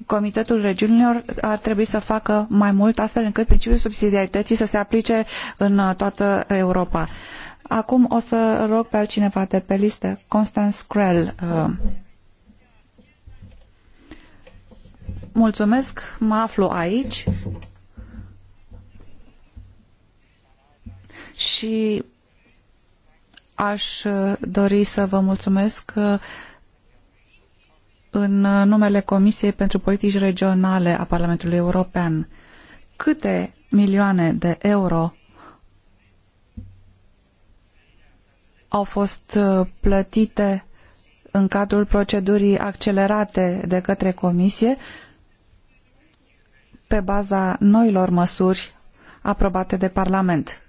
Comitetul regiunilor ar trebui să facă mai mult astfel încât principiul subsidiarității să se aplice în uh, toată Europa. Acum o să rog pe altcineva de pe listă, Constance Crell. Uh, Mulțumesc, mă aflu aici și aș dori să vă mulțumesc în numele Comisiei pentru Politici Regionale a Parlamentului European. Câte milioane de euro au fost plătite în cadrul procedurii accelerate de către Comisie pe baza noilor măsuri aprobate de Parlament.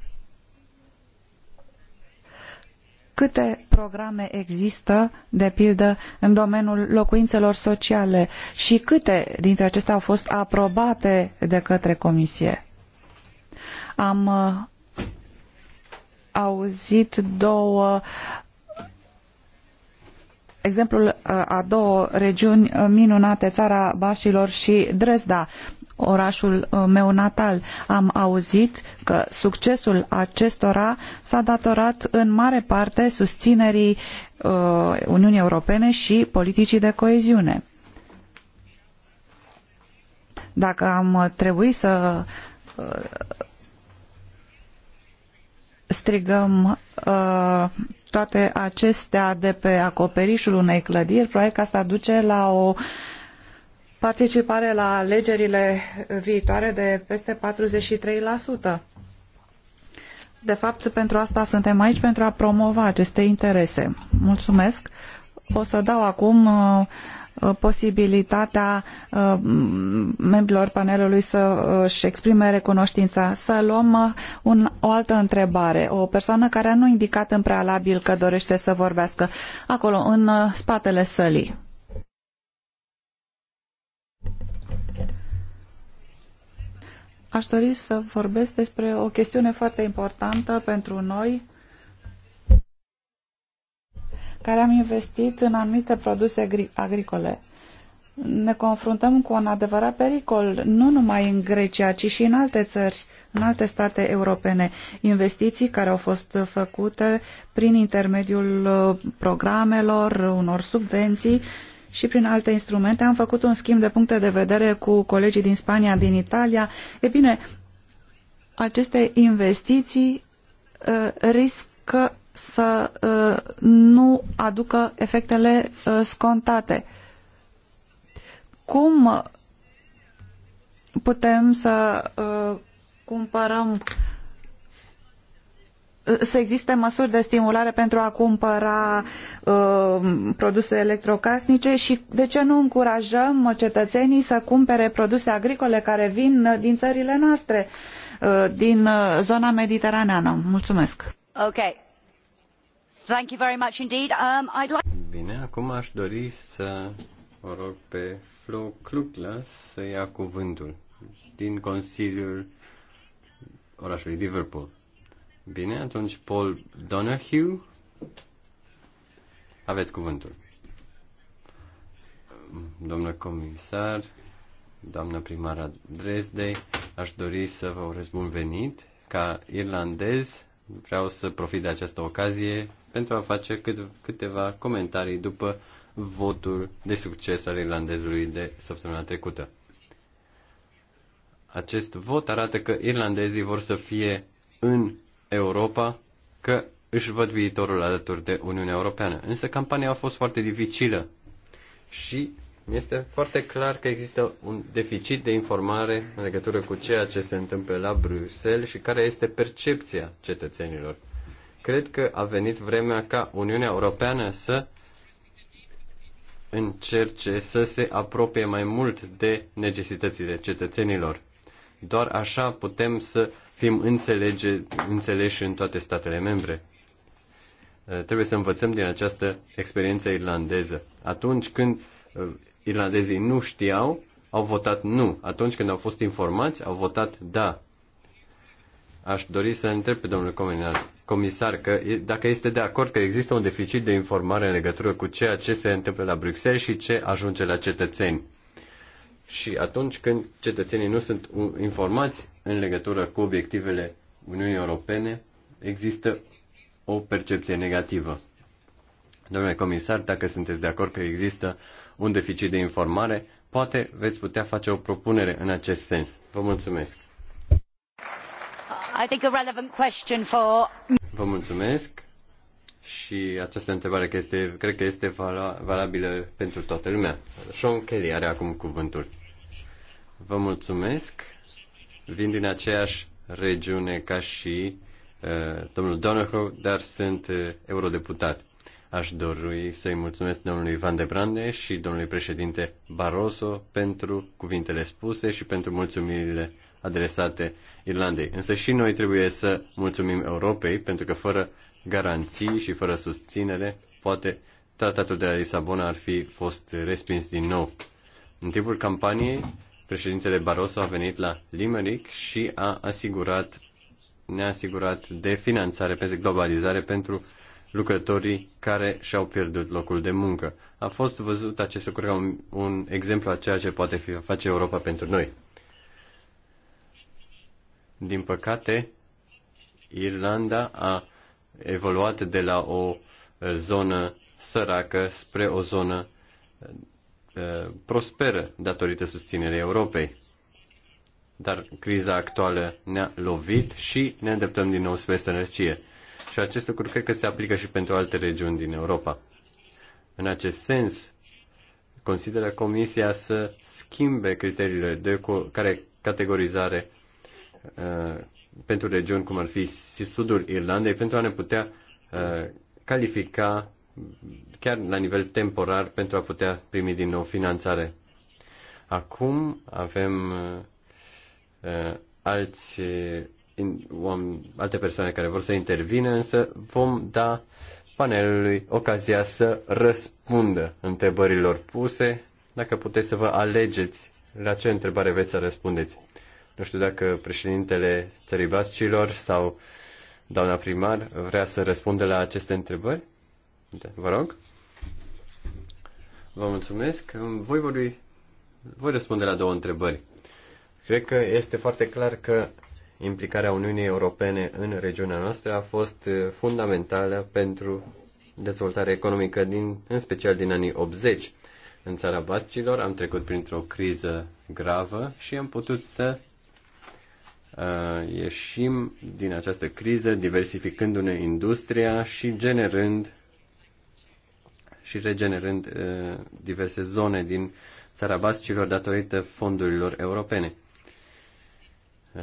Câte programe există, de pildă, în domeniul locuințelor sociale și câte dintre acestea au fost aprobate de către Comisie? Am uh, auzit două exemplul uh, a două regiuni minunate, țara Bașilor și Dresda orașul uh, meu natal. Am auzit că succesul acestora s-a datorat în mare parte susținerii uh, Uniunii Europene și politicii de coeziune. Dacă am uh, trebuit să strigăm toate acestea de pe acoperișul unei clădiri, proiect asta duce la o uh, participare la alegerile viitoare de peste 43%. De fapt, pentru asta suntem aici, pentru a promova aceste interese. Mulțumesc. O să dau acum uh, uh, posibilitatea uh, membrilor panelului să își exprime recunoștința. Să luăm un, o altă întrebare. O persoană care nu a indicat în prealabil că dorește să vorbească acolo, în spatele sălii. Aș dori să vorbesc despre o chestiune foarte importantă pentru noi, care am investit în anumite produse agricole. Ne confruntăm cu un adevărat pericol, nu numai în Grecia, ci și în alte țări, în alte state europene. Investiții care au fost făcute prin intermediul uh, programelor, unor subvenții și prin alte instrumente. Am făcut un schimb de puncte de vedere cu colegii din Spania, din Italia. E bine, aceste investiții uh, riscă să uh, nu aducă efectele uh, scontate. Cum putem să uh, cumpărăm să existe măsuri de stimulare pentru a cumpăra uh, produse electrocasnice și de ce nu încurajăm cetățenii să cumpere produse agricole care vin uh, din țările noastre, uh, din zona mediteraneană. Mulțumesc. Ok. Thank you very much indeed. Um, I'd like... Bine, acum aș dori să o rog pe Flo Clucla să ia cuvântul din Consiliul orașului Liverpool. Bine, atunci Paul Donahue, aveți cuvântul. Domnul comisar, doamnă primară Dresdei, aș dori să vă urez bun venit. Ca irlandez, vreau să profit de această ocazie pentru a face cât, câteva comentarii după votul de succes al irlandezului de săptămâna trecută. Acest vot arată că irlandezii vor să fie în Europa că își văd viitorul alături de Uniunea Europeană. Însă campania a fost foarte dificilă și este foarte clar că există un deficit de informare în legătură cu ceea ce se întâmplă la Bruxelles și care este percepția cetățenilor. Cred că a venit vremea ca Uniunea Europeană să încerce să se apropie mai mult de necesitățile cetățenilor. Doar așa putem să fim înțelege, înțeleși în toate statele membre. Uh, trebuie să învățăm din această experiență irlandeză. Atunci când uh, irlandezii nu știau, au votat nu. Atunci când au fost informați, au votat da. Aș dori să întreb pe domnul comisar, că dacă este de acord că există un deficit de informare în legătură cu ceea ce se întâmplă la Bruxelles și ce ajunge la cetățeni și atunci când cetățenii nu sunt informați în legătură cu obiectivele Uniunii Europene, există o percepție negativă. Domnule comisar, dacă sunteți de acord că există un deficit de informare, poate veți putea face o propunere în acest sens. Vă mulțumesc. I think a relevant question for... Vă mulțumesc și această întrebare că este, cred că este valabilă pentru toată lumea. Sean Kelly are acum cuvântul. Vă mulțumesc. Vin din aceeași regiune ca și uh, domnul Donohoe, dar sunt uh, eurodeputat. Aș dori să-i mulțumesc domnului Van de Brande și domnului președinte Barroso pentru cuvintele spuse și pentru mulțumirile adresate Irlandei. Însă și noi trebuie să mulțumim Europei, pentru că fără garanții și fără susținere, poate tratatul de la Lisabona ar fi fost respins din nou. În timpul campaniei, Președintele Barroso a venit la Limerick și a asigurat, ne-a asigurat de finanțare pentru globalizare pentru lucrătorii care și-au pierdut locul de muncă. A fost văzut acest lucru ca un, un exemplu a ceea ce poate fi, face Europa pentru noi. Din păcate, Irlanda a evoluat de la o zonă săracă spre o zonă Uh, prosperă datorită susținerii Europei. Dar criza actuală ne-a lovit și ne îndreptăm din nou spre sănăcie. Și acest lucru cred că se aplică și pentru alte regiuni din Europa. În acest sens, consideră Comisia să schimbe criteriile de care categorizare uh, pentru regiuni cum ar fi sudul Irlandei pentru a ne putea uh, califica chiar la nivel temporar, pentru a putea primi din nou finanțare. Acum avem uh, alți, uh, in, om, alte persoane care vor să intervină, însă vom da panelului ocazia să răspundă întrebărilor puse, dacă puteți să vă alegeți la ce întrebare veți să răspundeți. Nu știu dacă președintele țării Bascilor sau doamna primar vrea să răspundă la aceste întrebări. Da, vă rog. Vă mulțumesc. Voi vorbi, voi răspunde la două întrebări. Cred că este foarte clar că implicarea Uniunii Europene în regiunea noastră a fost uh, fundamentală pentru dezvoltarea economică, din, în special din anii 80. În țara Bacilor am trecut printr-o criză gravă și am putut să uh, ieșim din această criză diversificându-ne industria și generând și regenerând uh, diverse zone din țara bascilor datorită fondurilor europene. Uh,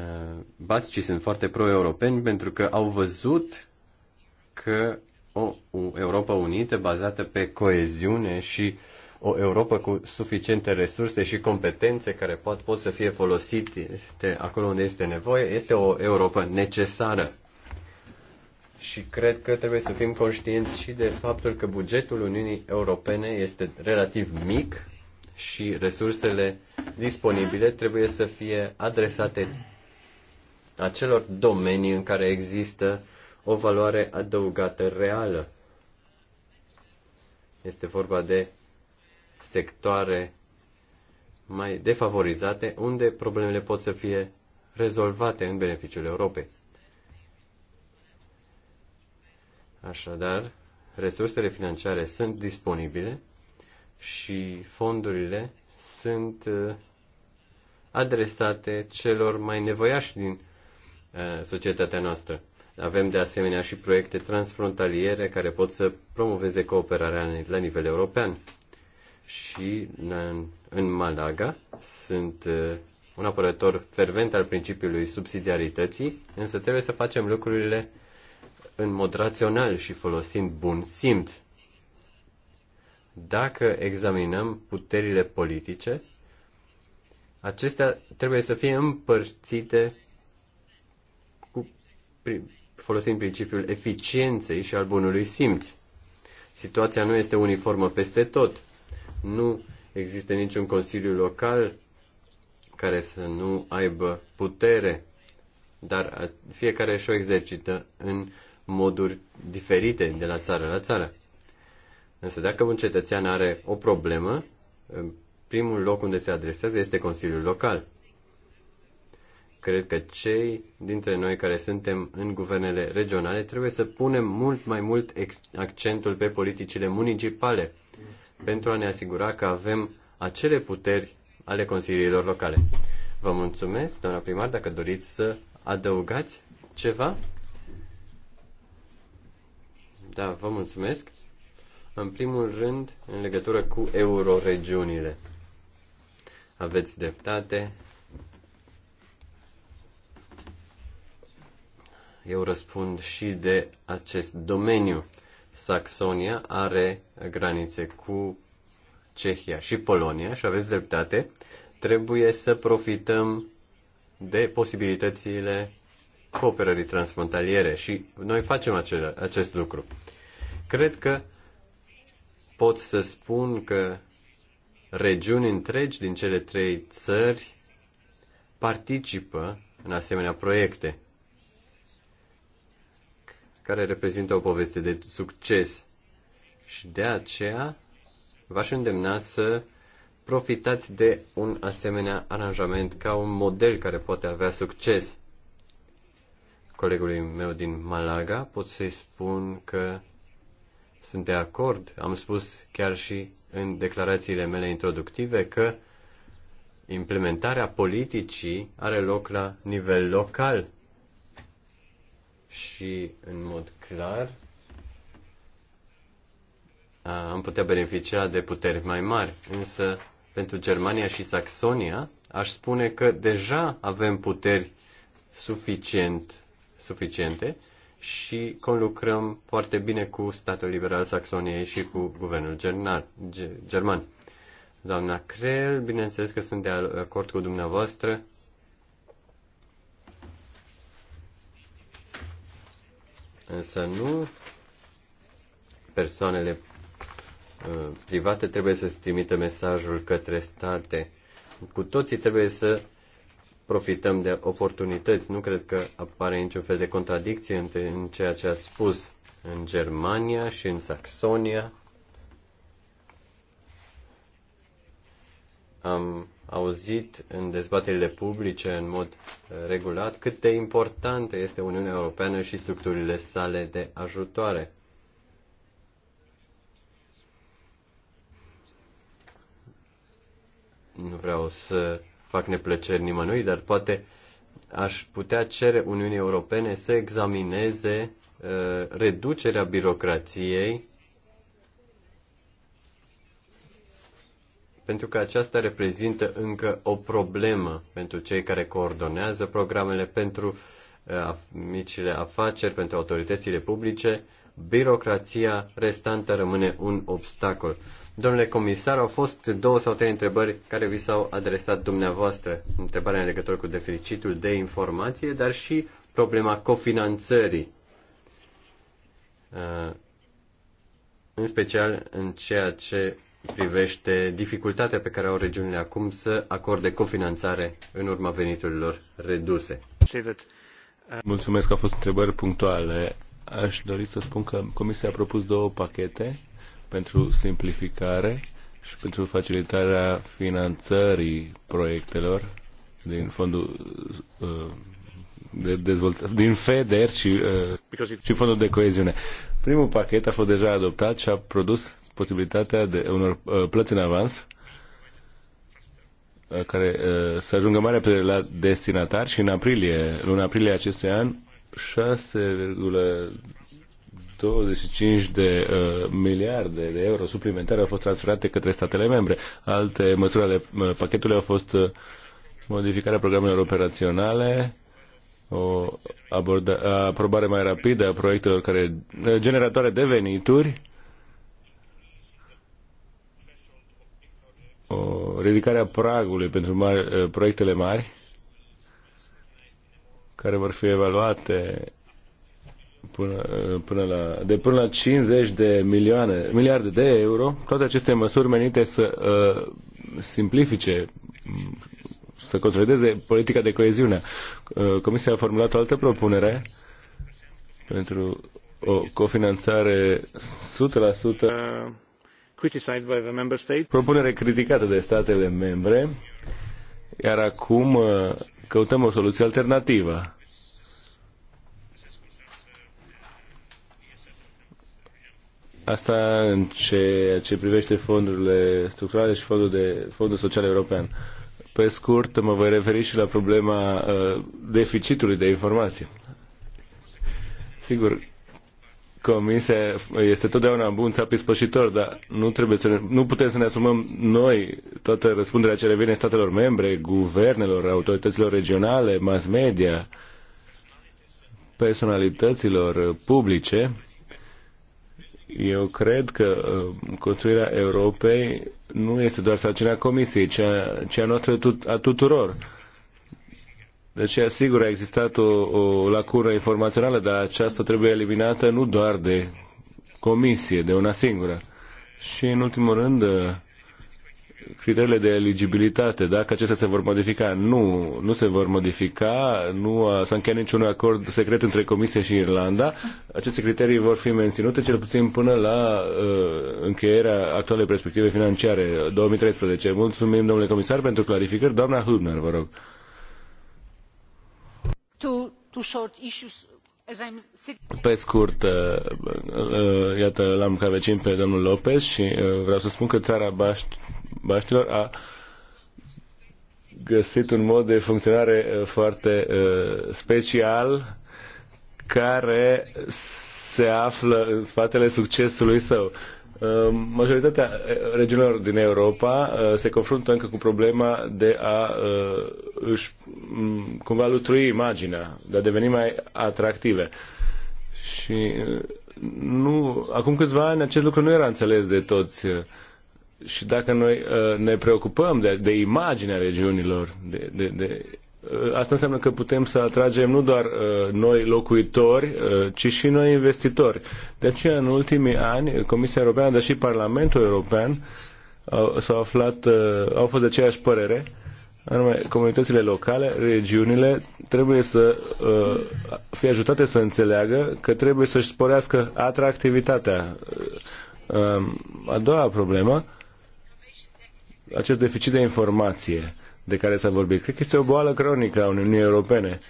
bascii sunt foarte pro-europeni pentru că au văzut că o Europa unită bazată pe coeziune și o Europa cu suficiente resurse și competențe care pot, pot să fie folosite acolo unde este nevoie, este o Europa necesară și cred că trebuie să fim conștienți și de faptul că bugetul Uniunii Europene este relativ mic și resursele disponibile trebuie să fie adresate acelor domenii în care există o valoare adăugată reală. Este vorba de sectoare mai defavorizate unde problemele pot să fie rezolvate în beneficiul Europei. Așadar, resursele financiare sunt disponibile și fondurile sunt uh, adresate celor mai nevoiași din uh, societatea noastră. Avem de asemenea și proiecte transfrontaliere care pot să promoveze cooperarea la nivel european. Și în, Malaga sunt uh, un apărător fervent al principiului subsidiarității, însă trebuie să facem lucrurile în mod rațional și folosind bun simț. Dacă examinăm puterile politice, acestea trebuie să fie împărțite cu, folosind principiul eficienței și al bunului simț. Situația nu este uniformă peste tot. Nu există niciun consiliu local care să nu aibă putere, dar fiecare și-o exercită în moduri diferite de la țară la țară. Însă dacă un cetățean are o problemă, primul loc unde se adresează este Consiliul Local. Cred că cei dintre noi care suntem în guvernele regionale trebuie să punem mult mai mult accentul pe politicile municipale pentru a ne asigura că avem acele puteri ale consiliilor locale. Vă mulțumesc, doamna primar, dacă doriți să adăugați ceva. Da, vă mulțumesc. În primul rând, în legătură cu euroregiunile. Aveți dreptate. Eu răspund și de acest domeniu. Saxonia are granițe cu Cehia și Polonia și aveți dreptate. Trebuie să profităm de posibilitățile cooperării transfrontaliere și noi facem acel, acest lucru. Cred că pot să spun că regiuni întregi din cele trei țări participă în asemenea proiecte care reprezintă o poveste de succes. Și de aceea v-aș îndemna să profitați de un asemenea aranjament ca un model care poate avea succes. Colegului meu din Malaga pot să-i spun că sunt de acord, am spus chiar și în declarațiile mele introductive că implementarea politicii are loc la nivel local și în mod clar am putea beneficia de puteri mai mari, însă pentru Germania și Saxonia aș spune că deja avem puteri suficient, suficiente și conlucrăm foarte bine cu statul liberal Saxoniei și cu guvernul german. Doamna Creel, bineînțeles că sunt de acord cu dumneavoastră. Însă nu persoanele uh, private trebuie să-ți trimită mesajul către state. Cu toții trebuie să profităm de oportunități. Nu cred că apare niciun fel de contradicție între în ceea ce ați spus în Germania și în Saxonia. Am auzit în dezbaterile publice în mod uh, regulat cât de importantă este Uniunea Europeană și structurile sale de ajutoare. Nu vreau să fac neplăceri nimănui, dar poate aș putea cere Uniunii Europene să examineze uh, reducerea birocrației pentru că aceasta reprezintă încă o problemă pentru cei care coordonează programele pentru uh, micile afaceri, pentru autoritățile publice. Birocrația restantă rămâne un obstacol. Domnule comisar, au fost două sau trei întrebări care vi s-au adresat dumneavoastră. Întrebarea în legătură cu deficitul de informație, dar și problema cofinanțării. Uh, în special în ceea ce privește dificultatea pe care au regiunile acum să acorde cofinanțare în urma veniturilor reduse. Mulțumesc că au fost întrebări punctuale. Aș dori să spun că Comisia a propus două pachete pentru simplificare și pentru facilitarea finanțării proiectelor din fondul uh, de dezvoltare, din FEDER și, uh, și fondul de coeziune. Primul pachet a fost deja adoptat și a produs posibilitatea de unor uh, plăți în avans care să ajungă mai repede la destinatari și în aprilie, luna aprilie acestui an 25 de uh, miliarde de euro suplimentare au fost transferate către statele membre. Alte măsuri ale uh, pachetului au fost uh, modificarea programelor operaționale, o aborda, aprobare mai rapidă a proiectelor care uh, generatoare de venituri, o ridicare pragului pentru mari, proiectele mari, care vor fi evaluate până, până la, de până la 50 de milioane, miliarde de euro, toate aceste măsuri menite să uh, simplifice, să consolideze politica de coeziune. Uh, Comisia a formulat o altă propunere pentru o cofinanțare 100%. Uh, Propunere criticată de statele membre, iar acum uh, căutăm o soluție alternativă Asta în ceea ce privește fondurile structurale și fondul, de, fondul social european. Pe scurt, mă voi referi și la problema uh, deficitului de informație. Sigur, Comisia este totdeauna bun țap ispășitor, dar nu, trebuie să, nu putem să ne asumăm noi toată răspunderea ce revine statelor membre, guvernelor, autorităților regionale, mass media, personalităților publice eu cred că uh, construirea Europei nu este doar sarcina Comisiei, ci a, ci a noastră tut, a tuturor. Deci, sigur, a existat o, o lacună informațională, dar aceasta trebuie eliminată nu doar de Comisie, de una singură. Și, în ultimul rând, uh, criteriile de eligibilitate, dacă acestea se vor modifica. Nu, nu se vor modifica, nu s-a încheiat niciun acord secret între Comisie și Irlanda. Aceste criterii vor fi menținute cel puțin până la uh, încheierea actualei perspective financiare 2013. Mulțumim, domnule comisar, pentru clarificări. Doamna Hübner, vă rog. Pe scurt, uh, uh, iată, l-am ca vecin pe domnul Lopez și uh, vreau să spun că țara Baști Baștilor a găsit un mod de funcționare uh, foarte uh, special care se află în spatele succesului său. Uh, majoritatea regiunilor din Europa se confruntă încă cu problema de a își cumva lutrui imaginea, de a deveni mai atractive. Și nu, acum câțiva ani acest lucru nu era înțeles de toți și dacă noi uh, ne preocupăm de, de imaginea regiunilor, de, de, de, uh, asta înseamnă că putem să atragem nu doar uh, noi locuitori, ci și noi investitori. De aceea, în ultimii ani, Comisia Europeană, dar și Parlamentul European s-au aflat, au fost de aceeași părere, anume comunitățile locale, regiunile, trebuie să uh, fie ajutate să înțeleagă că trebuie să-și sporească atractivitatea. Uh, um, a doua problemă acest deficit de informație de care s-a vorbit. Cred că este o boală cronică a Uniunii Europene.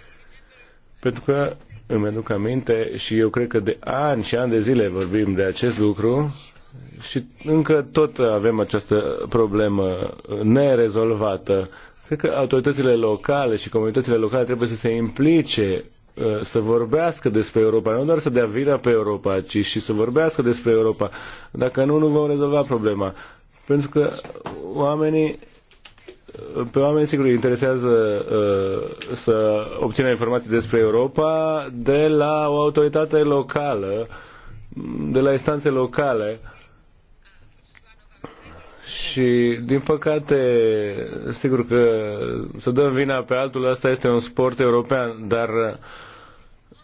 Pentru că îmi aduc aminte și eu cred că de ani și ani de zile vorbim de acest lucru și încă tot avem această problemă nerezolvată. Cred că autoritățile locale și comunitățile locale trebuie să se implice uh, să vorbească despre Europa, nu doar să dea vina pe Europa, ci și să vorbească despre Europa. Dacă nu, nu vom rezolva problema. Pentru că oamenii pe oameni, sigur, interesează uh, să obțină informații despre Europa de la o autoritate locală, de la instanțe locale. Și, din păcate, sigur că să dăm vina pe altul, asta este un sport european, dar uh,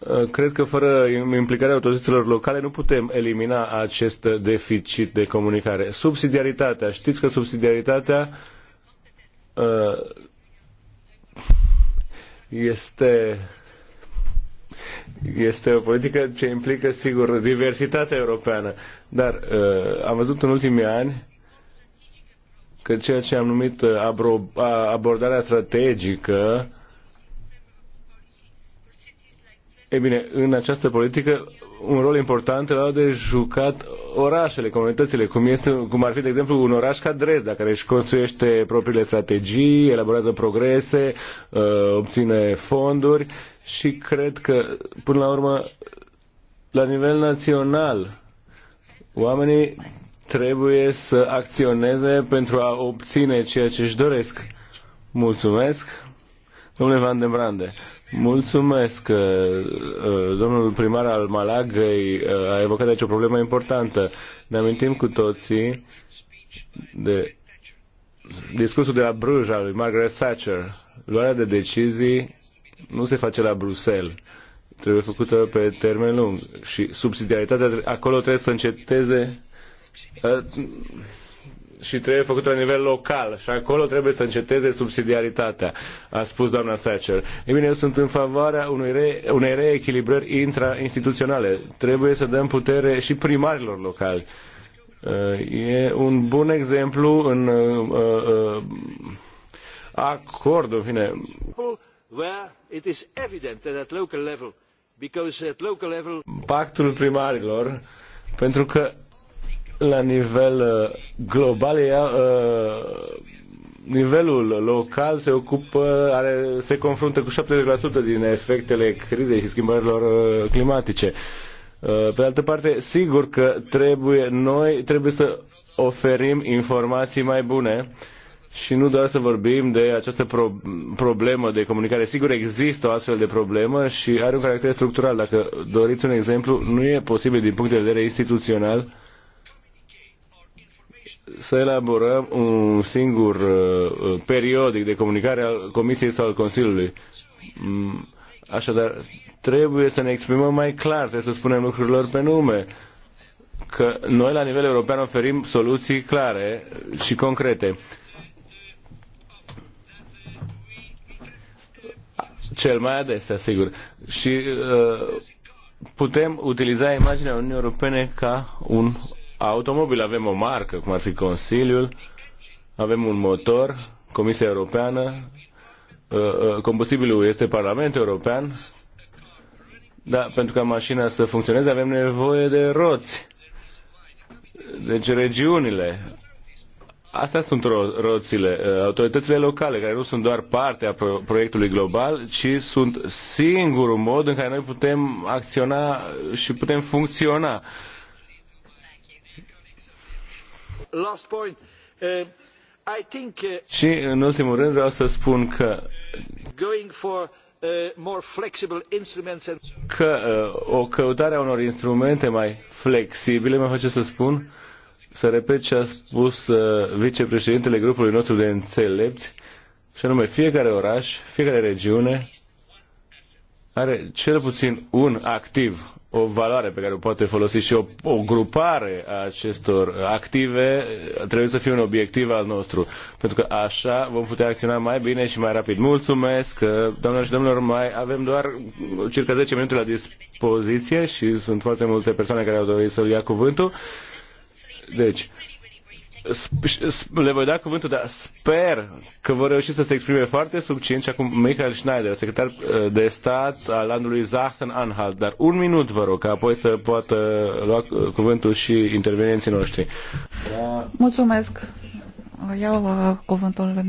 Uh, cred că fără implicarea autorităților locale nu putem elimina acest deficit de comunicare. Subsidiaritatea. Știți că subsidiaritatea uh, este este o politică ce implică, sigur, diversitatea europeană. Dar uh, am văzut în ultimii ani că ceea ce am numit abordarea strategică E bine, în această politică un rol important l-au de jucat orașele, comunitățile, cum, este, cum ar fi, de exemplu, un oraș ca Dresda, care își construiește propriile strategii, elaborează progrese, uh, obține fonduri și cred că, până la urmă, la nivel național, oamenii trebuie să acționeze pentru a obține ceea ce își doresc. Mulțumesc, domnule Van de Brande. Mulțumesc. Uh, uh, domnul primar al Malagăi uh, a evocat aici o problemă importantă. Ne amintim cu toții de discursul de la Bruj al lui Margaret Thatcher. Luarea de decizii nu se face la Bruxelles. Trebuie făcută pe termen lung. Și subsidiaritatea acolo trebuie să înceteze și trebuie făcut la nivel local și acolo trebuie să înceteze subsidiaritatea, a spus doamna Thatcher. Ei bine, eu sunt în favoarea unei, re, unei reechilibrări intrainstituționale. Trebuie să dăm putere și primarilor locali. Uh, e un bun exemplu în uh, uh, acord, în fine. Pactul primarilor, pentru că la nivel uh, global, ea, uh, nivelul local se ocupă, are, se confruntă cu 70% din efectele crizei și schimbărilor uh, climatice. Pe de altă parte, sigur că trebuie, noi trebuie să oferim informații mai bune și nu doar să vorbim de această pro- problemă de comunicare. Sigur, există o astfel de problemă și are un caracter structural. Dacă doriți un exemplu, nu e posibil din punct de vedere instituțional să elaborăm un singur uh, uh, periodic de comunicare al Comisiei sau al Consiliului. Mm, așadar, trebuie să ne exprimăm mai clar, trebuie să spunem lucrurilor pe nume, că noi la nivel european oferim soluții clare și concrete. Cel mai adesea, sigur. Și uh, putem utiliza imaginea Uniunii Europene ca un automobil avem o marcă, cum ar fi Consiliul, avem un motor, Comisia Europeană, uh, uh, combustibilul este Parlamentul European, dar pentru ca mașina să funcționeze avem nevoie de roți. Deci regiunile, astea sunt ro- roțile, uh, autoritățile locale, care nu sunt doar parte a pro- proiectului global, ci sunt singurul mod în care noi putem acționa și putem funcționa. Uh, Uh, uh, și în ultimul rând vreau să spun că uh, că o căutare a unor instrumente mai flexibile mă face să spun, să repet ce a spus vicepreședintele grupului nostru de înțelepți, și anume fiecare oraș, fiecare regiune are cel puțin un activ, o valoare pe care o poate folosi și o, o grupare a acestor active trebuie să fie un obiectiv al nostru. Pentru că așa vom putea acționa mai bine și mai rapid. Mulțumesc, uh, doamnelor și domnilor, mai avem doar circa 10 minute la dispoziție și sunt foarte multe persoane care au dorit să ia cuvântul. Deci, le voi da cuvântul, dar sper că vor reuși să se exprime foarte succint și acum Michael Schneider, secretar uh, de stat al landului Sachsen-Anhalt. Dar un minut, vă rog, ca apoi să poată lua uh, cuvântul și intervenienții noștri. Mulțumesc! Iau uh, cuvântul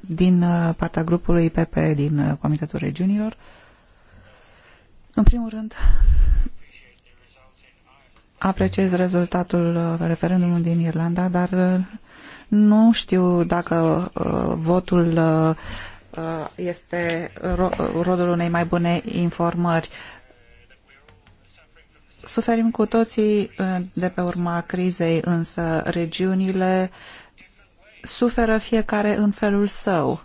din uh, partea grupului PP din uh, Comitetul Regiunilor. În primul rând, apreciez rezultatul uh, referendumului din Irlanda, dar uh, nu știu dacă uh, votul este rodul unei mai bune informări. Suferim cu toții de pe urma crizei, însă regiunile suferă fiecare în felul său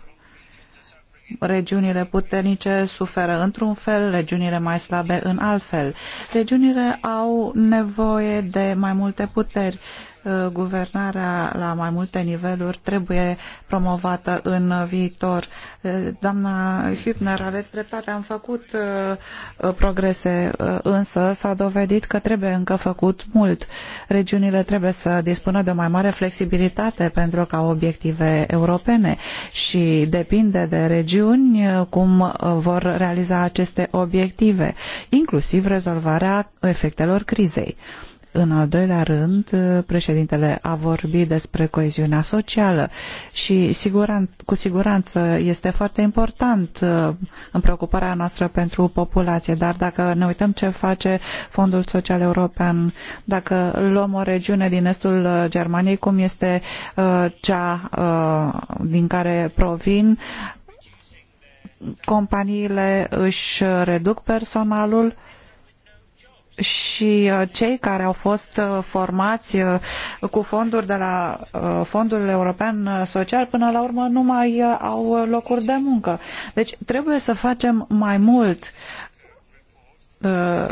regiunile puternice suferă într-un fel, regiunile mai slabe în alt fel. Regiunile au nevoie de mai multe puteri. Uh, Uh, guvernarea la mai multe niveluri trebuie promovată în viitor. Uh, doamna Hübner, aveți dreptate, am făcut uh, progrese, însă s-a dovedit că trebuie încă făcut mult. Regiunile trebuie să dispună de o mai mare flexibilitate pentru ca obiective europene și depinde de regiuni cum vor realiza aceste obiective, inclusiv rezolvarea efectelor crizei. În al doilea rând, președintele a vorbit despre coeziunea socială și siguran, cu siguranță este foarte important uh, în preocuparea noastră pentru populație, dar dacă ne uităm ce face Fondul Social European, dacă luăm o regiune din estul uh, Germaniei, cum este uh, cea din care provin, companiile își reduc personalul, și uh, cei care au fost uh, formați uh, cu fonduri de la Fondul European Social până la urmă nu mai au locuri de muncă. Deci trebuie să facem mai mult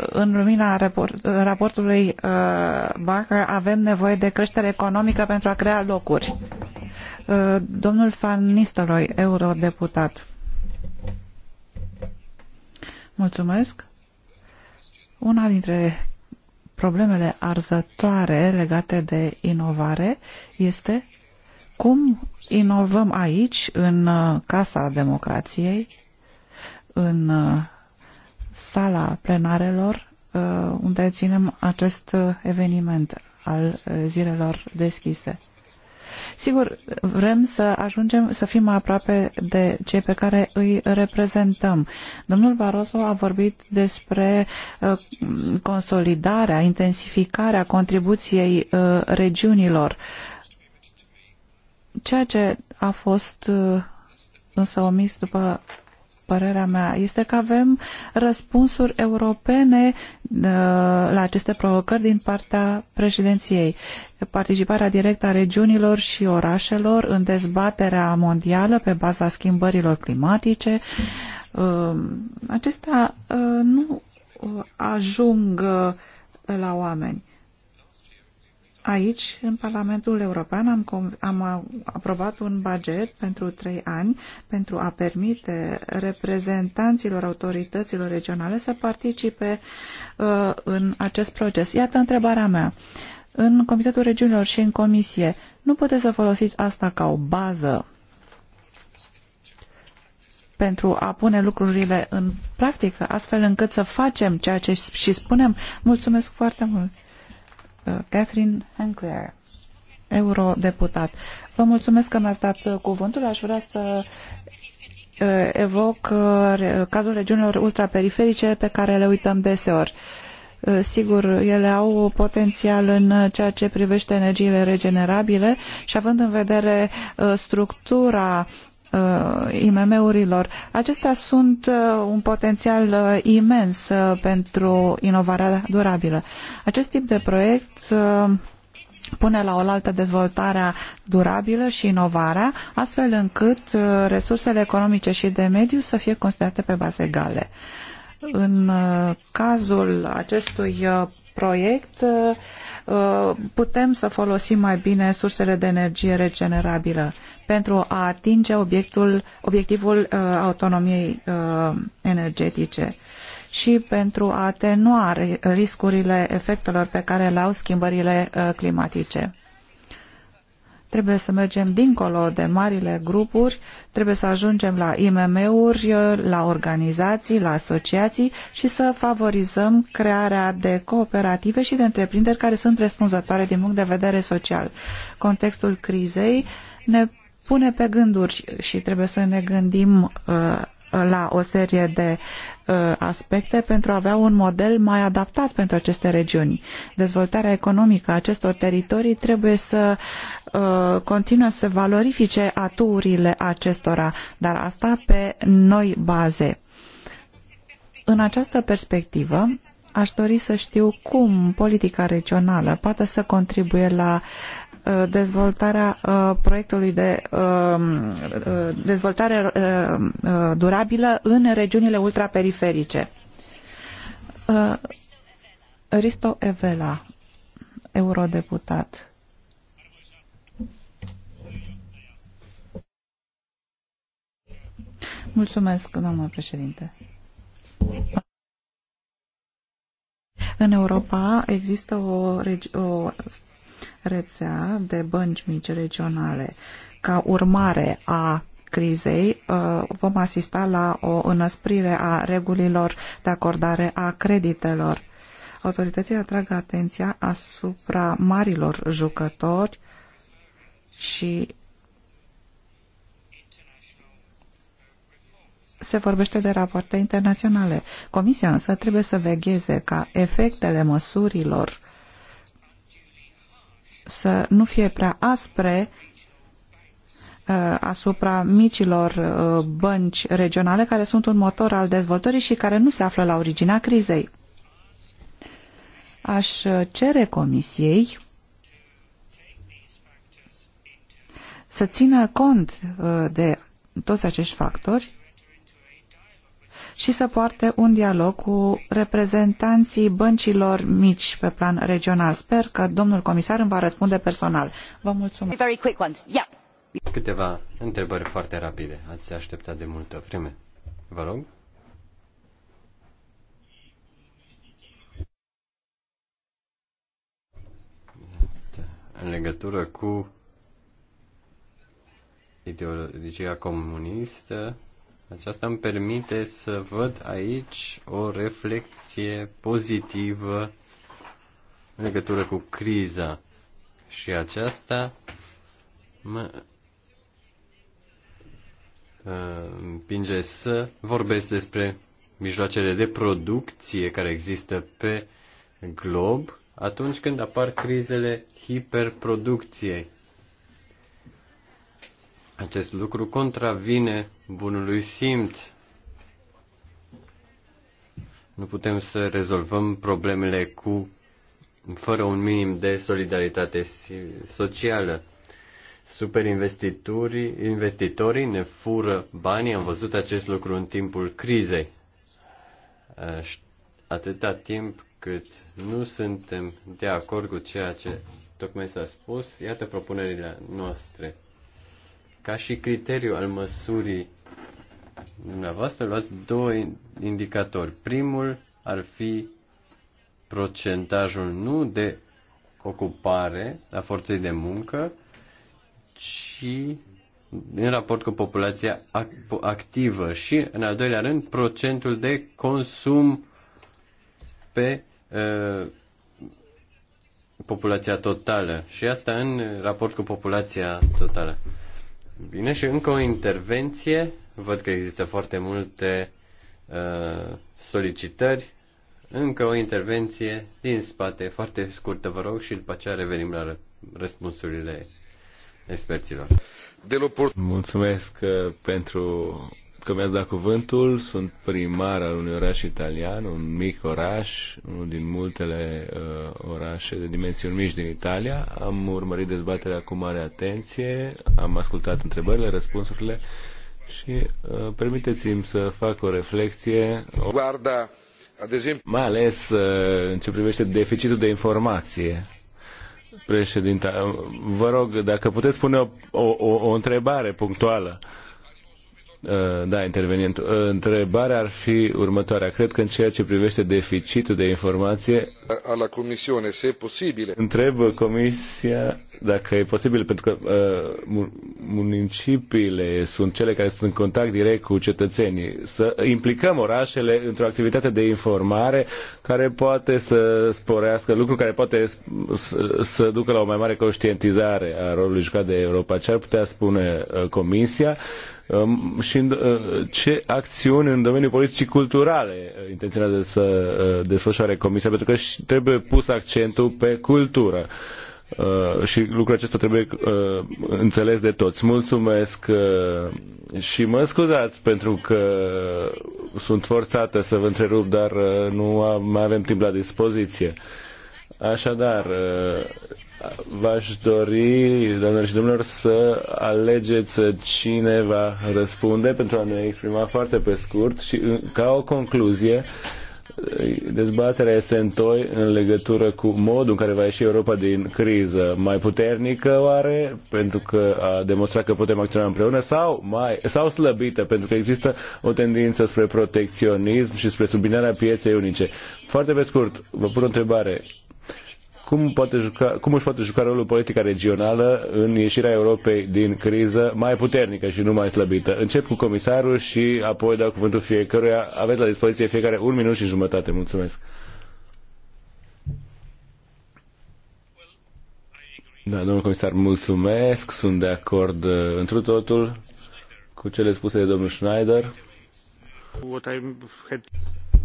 în lumina raport, raportului Barker avem nevoie de creștere economică pentru a crea locuri. Domnul Van Nistelrooy, eurodeputat. Mulțumesc. Una dintre problemele arzătoare legate de inovare este cum inovăm aici, în uh, Casa Democrației, în uh, sala plenarelor, uh, unde ținem acest eveniment al zilelor deschise. Sigur, vrem să ajungem să fim aproape de cei pe care îi reprezentăm. Domnul Barroso a vorbit despre uh, consolidarea, intensificarea contribuției uh, regiunilor, ceea ce a fost uh, însă omis după părerea mea, este că avem răspunsuri europene uh, la aceste provocări din partea președinției. Participarea directă a regiunilor și orașelor în dezbaterea mondială pe baza schimbărilor climatice. Uh, acestea uh, nu ajung la oameni Aici, în Parlamentul European, am, am aprobat un buget pentru trei ani pentru a permite reprezentanților autorităților regionale să participe uh, în acest proces. Iată întrebarea mea. În Comitetul Regiunilor și în Comisie, nu puteți să folosiți asta ca o bază pentru a pune lucrurile în practică, astfel încât să facem ceea ce și spunem? Mulțumesc foarte mult! Uh, Catherine Hancler, eurodeputat. Vă mulțumesc că mi-ați dat uh, cuvântul. Aș vrea să uh, evoc cazul regiunilor ultraperiferice pe care le uităm deseori. Sigur, ele au potențial în ceea ce privește energiile regenerabile și având în vedere structura Uh, IMM-urilor. Acestea sunt uh, un potențial uh, imens pentru inovarea durabilă. Acest tip de proiect pune la oaltă dezvoltarea durabilă și inovarea, astfel încât resursele economice și de mediu să fie considerate pe baze egale. În cazul acestui proiect, Uh, putem să folosim mai bine sursele de energie regenerabilă pentru a atinge obiectul, obiectivul uh, autonomiei uh, energetice și pentru a atenua riscurile efectelor pe care le au schimbările climatice. Trebuie să mergem dincolo de marile grupuri, trebuie să ajungem la IMM-uri, la organizații, la asociații și să favorizăm crearea de cooperative și de întreprinderi care sunt răspunzătoare din punct de vedere social. Contextul crizei ne pune pe gânduri și trebuie să ne gândim uh, la o serie de Uh, aspecte pentru a avea un model mai adaptat pentru aceste regiuni. Dezvoltarea economică a acestor teritorii trebuie să uh, continuă să valorifice aturile acestora, dar asta pe noi baze. În această perspectivă, aș dori să știu cum politica regională poate să contribuie la Uh, dezvoltarea uh, proiectului de um, uh, dezvoltare durabilă în regiunile ultraperiferice. Risto Evela, eurodeputat. Mulțumesc, doamnă președinte. În Europa există o, o rețea de bănci mici regionale. Ca urmare a crizei uh, vom asista la o înăsprire a regulilor de acordare a creditelor. Autoritățile atrag atenția asupra marilor jucători și se vorbește de rapoarte internaționale. Comisia însă trebuie să vegheze ca efectele măsurilor să nu fie prea aspre uh, asupra micilor uh, bănci regionale care sunt un motor al dezvoltării și care nu se află la originea crizei. Aș uh, cere Comisiei să țină cont de toți acești factori și să poarte un dialog cu reprezentanții băncilor mici pe plan regional. Sper că domnul comisar îmi va răspunde personal. Vă mulțumesc. Câteva întrebări foarte rapide. Ați așteptat de multă vreme. Vă rog. În legătură cu ideologia comunistă, aceasta îmi permite să văd aici o reflexie pozitivă în legătură cu criza. Și aceasta mă uh, împinge să vorbesc despre mijloacele de producție care există pe glob atunci când apar crizele hiperproducției. Acest lucru contravine bunului simț. Nu putem să rezolvăm problemele cu fără un minim de solidaritate socială. Superinvestitorii investitorii ne fură banii, am văzut acest lucru în timpul crizei. Atâta timp cât nu suntem de acord cu ceea ce tocmai s-a spus, iată propunerile noastre ca și criteriu al măsurii dumneavoastră, luați două indicatori. Primul ar fi procentajul nu de ocupare a forței de muncă, ci în raport cu populația activă și, în al doilea rând, procentul de consum pe uh, populația totală și asta în raport cu populația totală. Bine, și încă o intervenție. Văd că există foarte multe uh, solicitări. Încă o intervenție din spate, foarte scurtă, vă rog, și după aceea revenim la răspunsurile experților. Mulțumesc uh, pentru că mi-ați dat cuvântul. Sunt primar al unui oraș italian, un mic oraș, unul din multele uh, orașe de dimensiuni mici din Italia. Am urmărit dezbaterea cu mare atenție, am ascultat întrebările, răspunsurile și uh, permiteți-mi să fac o reflexie. O... Guarda, mai ales uh, în ce privește deficitul de informație. Președinte, vă rog, dacă puteți pune o, o, o întrebare punctuală. Uh, da, intervenient. Întrebarea ar fi următoarea. Cred că în ceea ce privește deficitul de informație... A la Comisiune, se posibil. Întreb Comisia dacă e posibil, pentru că uh, municipiile sunt cele care sunt în contact direct cu cetățenii. Să implicăm orașele într-o activitate de informare care poate să sporească, lucru care poate să, ducă la o mai mare conștientizare a rolului jucat de Europa. Ce ar putea spune uh, Comisia? și în, uh, ce acțiuni în domeniul politicii culturale uh, intenționează să uh, desfășoare Comisia, pentru că trebuie pus accentul pe cultură. și lucrul acesta trebuie înțeles de toți. Mulțumesc și mă scuzați pentru că sunt forțată să vă întrerup, dar nu am, mai avem timp la dispoziție. Așadar, v-aș dori, doamnelor și domnilor, să alegeți cine va răspunde pentru a ne exprima foarte pe scurt și ca o concluzie dezbaterea este întoi în legătură cu modul în care va ieși Europa din criză. Mai puternică oare, pentru că a demonstrat că putem acționa împreună, sau, mai, sau slăbită, pentru că există o tendință spre protecționism și spre subminarea pieței unice. Foarte pe scurt, vă pun o întrebare cum, poate juca, cum își poate juca rolul politica regională în ieșirea Europei din criză mai puternică și nu mai slăbită. Încep cu comisarul și apoi dau cuvântul fiecăruia. Aveți la dispoziție fiecare un minut și jumătate. Mulțumesc. Da, domnul comisar, mulțumesc. Sunt de acord uh, întru totul cu cele spuse de domnul Schneider.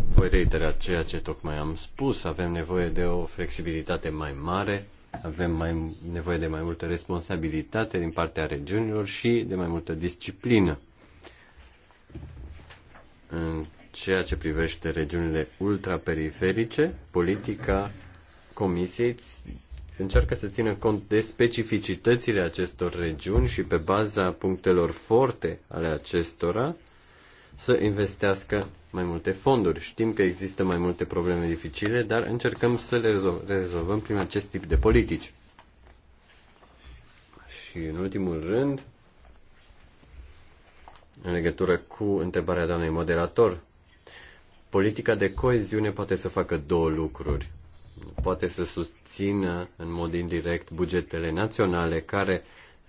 Voi reitera ceea ce tocmai am spus. Avem nevoie de o flexibilitate mai mare, avem mai, nevoie de mai multă responsabilitate din partea regiunilor și de mai multă disciplină. În ceea ce privește regiunile ultraperiferice, politica Comisiei încearcă să țină cont de specificitățile acestor regiuni și pe baza punctelor forte ale acestora să investească mai multe fonduri. Știm că există mai multe probleme dificile, dar încercăm să le rezolvăm prin acest tip de politici. Și în ultimul rând, în legătură cu întrebarea doamnei moderator, politica de coeziune poate să facă două lucruri. Poate să susțină în mod indirect bugetele naționale care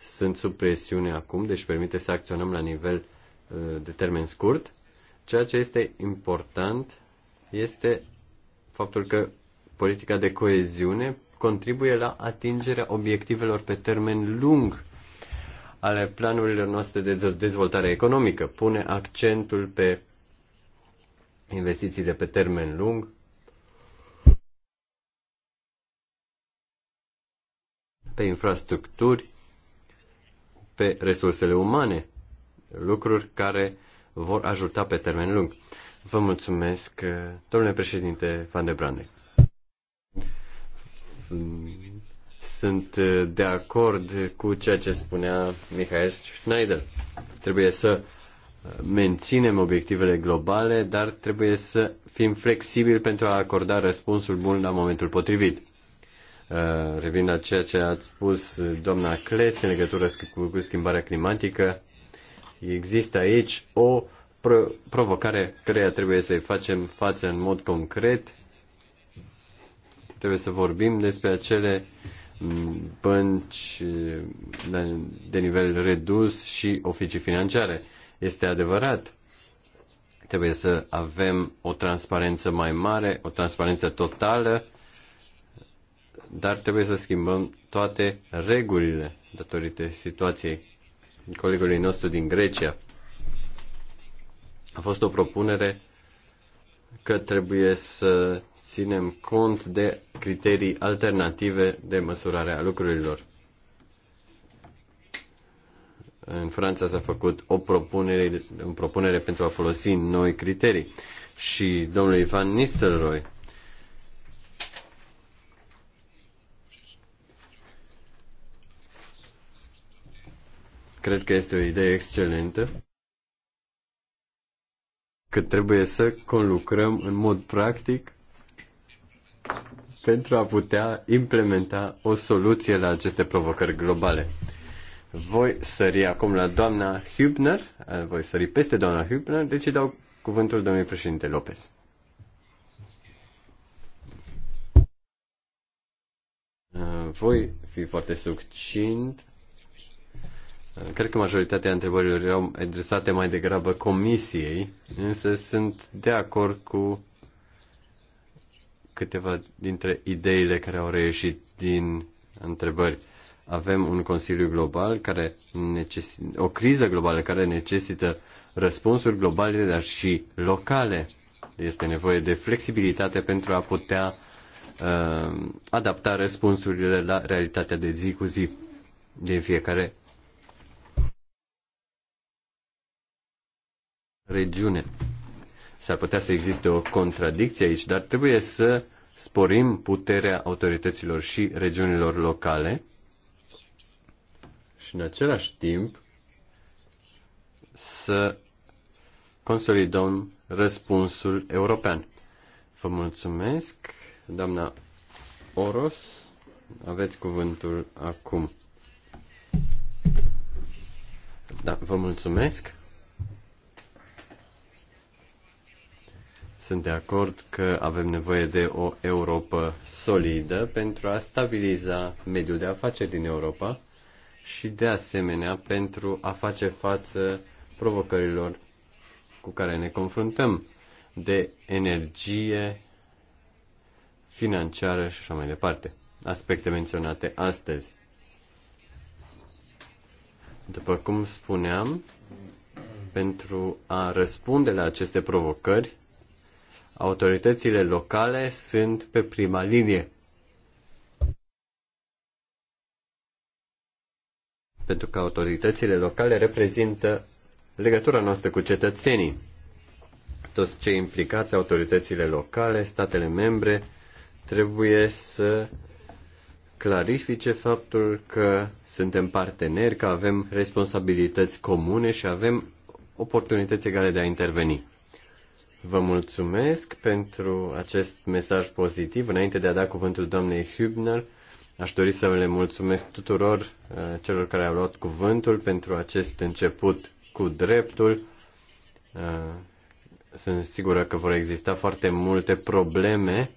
sunt sub presiune acum, deci permite să acționăm la nivel uh, de termen scurt, Ceea ce este important este faptul că politica de coeziune contribuie la atingerea obiectivelor pe termen lung ale planurilor noastre de dezvoltare economică. Pune accentul pe investițiile pe termen lung, pe infrastructuri, pe resursele umane, lucruri care vor ajuta pe termen lung. Vă mulțumesc, domnule președinte Van de Brande. Sunt de acord cu ceea ce spunea Michael Schneider. Trebuie să menținem obiectivele globale, dar trebuie să fim flexibili pentru a acorda răspunsul bun la momentul potrivit. Uh, revin la ceea ce ați spus doamna Cles în legătură cu schimbarea climatică. Există aici o provocare care trebuie să-i facem față în mod concret. Trebuie să vorbim despre acele mm, bănci mm, de nivel redus și oficii financiare. Este adevărat. Trebuie să avem o transparență mai mare, o transparență totală, dar trebuie să schimbăm toate regulile datorită situației colegului nostru din Grecia. A fost o propunere că trebuie să ținem cont de criterii alternative de măsurare a lucrurilor. În Franța s-a făcut o propunere, o propunere pentru a folosi noi criterii. Și domnul Ivan Nistelrooy Cred că este o idee excelentă că trebuie să conlucrăm în mod practic pentru a putea implementa o soluție la aceste provocări globale. Voi sări acum la doamna Hübner, voi sări peste doamna Hübner, deci îi dau cuvântul domnului președinte Lopez. Voi fi foarte succint Cred că majoritatea întrebărilor erau adresate mai degrabă comisiei, însă sunt de acord cu câteva dintre ideile care au reieșit din întrebări. Avem un Consiliu Global care necesită, o criză globală care necesită răspunsuri globale, dar și locale. Este nevoie de flexibilitate pentru a putea uh, adapta răspunsurile la realitatea de zi cu zi din fiecare regiune. S-ar putea să existe o contradicție aici, dar trebuie să sporim puterea autorităților și regiunilor locale și în același timp să consolidăm răspunsul european. Vă mulțumesc, doamna Oros. Aveți cuvântul acum. Da, vă mulțumesc. Sunt de acord că avem nevoie de o Europa solidă pentru a stabiliza mediul de afaceri din Europa și de asemenea pentru a face față provocărilor cu care ne confruntăm de energie financiară și așa mai departe, aspecte menționate astăzi. După cum spuneam, pentru a răspunde la aceste provocări, autoritățile locale sunt pe prima linie. Pentru că autoritățile locale reprezintă legătura noastră cu cetățenii. Toți cei implicați, autoritățile locale, statele membre, trebuie să clarifice faptul că suntem parteneri, că avem responsabilități comune și avem oportunități egale de a interveni. Vă mulțumesc pentru acest mesaj pozitiv. Înainte de a da cuvântul doamnei Hübner, aș dori să le mulțumesc tuturor uh, celor care au luat cuvântul pentru acest început cu dreptul. Uh, sunt sigură că vor exista foarte multe probleme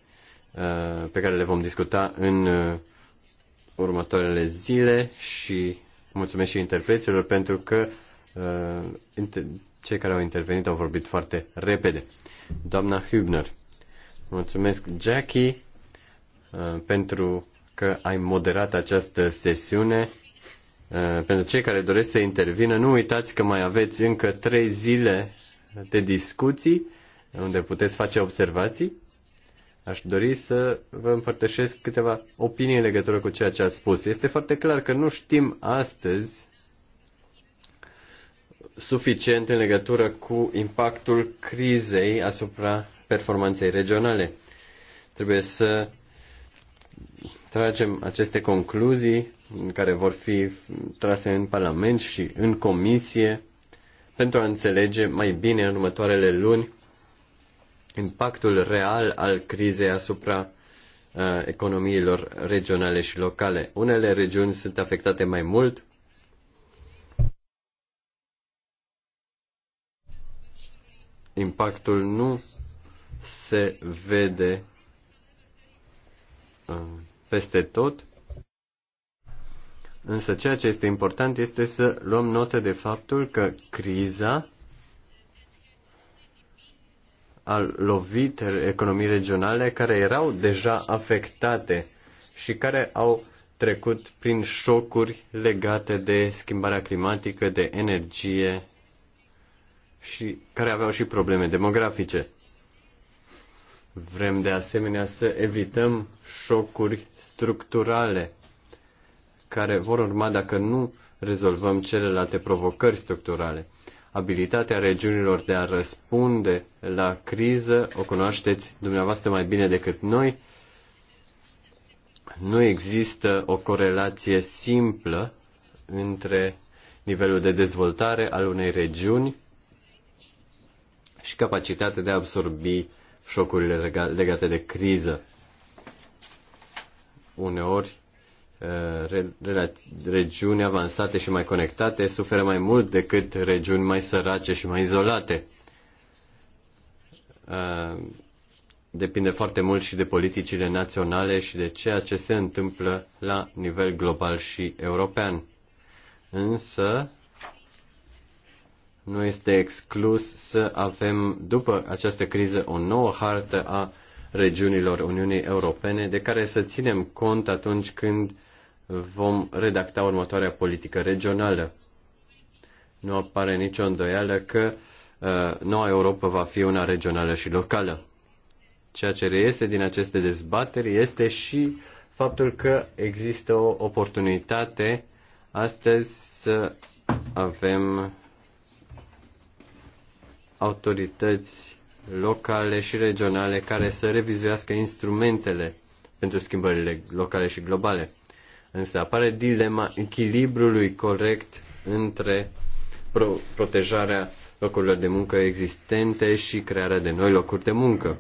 uh, pe care le vom discuta în următoarele zile și mulțumesc și interpreților pentru că cei care au intervenit au vorbit foarte repede. Doamna Hübner, mulțumesc Jackie uh, pentru că ai moderat această sesiune. Uh, pentru cei care doresc să intervină, nu uitați că mai aveți încă trei zile de discuții unde puteți face observații. Aș dori să vă împărtășesc câteva opinii în legătură cu ceea ce ați spus. Este foarte clar că nu știm astăzi suficient în legătură cu impactul crizei asupra performanței regionale. Trebuie să tragem aceste concluzii care vor fi trase în Parlament și în Comisie pentru a înțelege mai bine în următoarele luni impactul real al crizei asupra uh, economiilor regionale și locale. Unele regiuni sunt afectate mai mult, impactul nu se vede uh, peste tot, însă ceea ce este important este să luăm notă de faptul că criza a lovit economii regionale care erau deja afectate și care au trecut prin șocuri legate de schimbarea climatică, de energie și care aveau și probleme demografice. Vrem de asemenea să evităm șocuri structurale care vor urma dacă nu rezolvăm celelalte provocări structurale. Abilitatea regiunilor de a răspunde la criză o cunoașteți dumneavoastră mai bine decât noi. Nu există o corelație simplă între nivelul de dezvoltare al unei regiuni și capacitatea de a absorbi șocurile legate de criză. Uneori, uh, regiuni avansate și mai conectate suferă mai mult decât regiuni mai sărace și mai izolate. Uh, depinde foarte mult și de politicile naționale și de ceea ce se întâmplă la nivel global și european. Însă, nu este exclus să avem, după această criză, o nouă hartă a regiunilor Uniunii Europene, de care să ținem cont atunci când vom redacta următoarea politică regională. Nu apare nicio îndoială că uh, noua Europa va fi una regională și locală. Ceea ce reiese din aceste dezbateri este și faptul că există o oportunitate astăzi să avem autorități locale și regionale care să revizuiască instrumentele pentru schimbările locale și globale. Însă apare dilema echilibrului corect între pro- protejarea locurilor de muncă existente și crearea de noi locuri de muncă.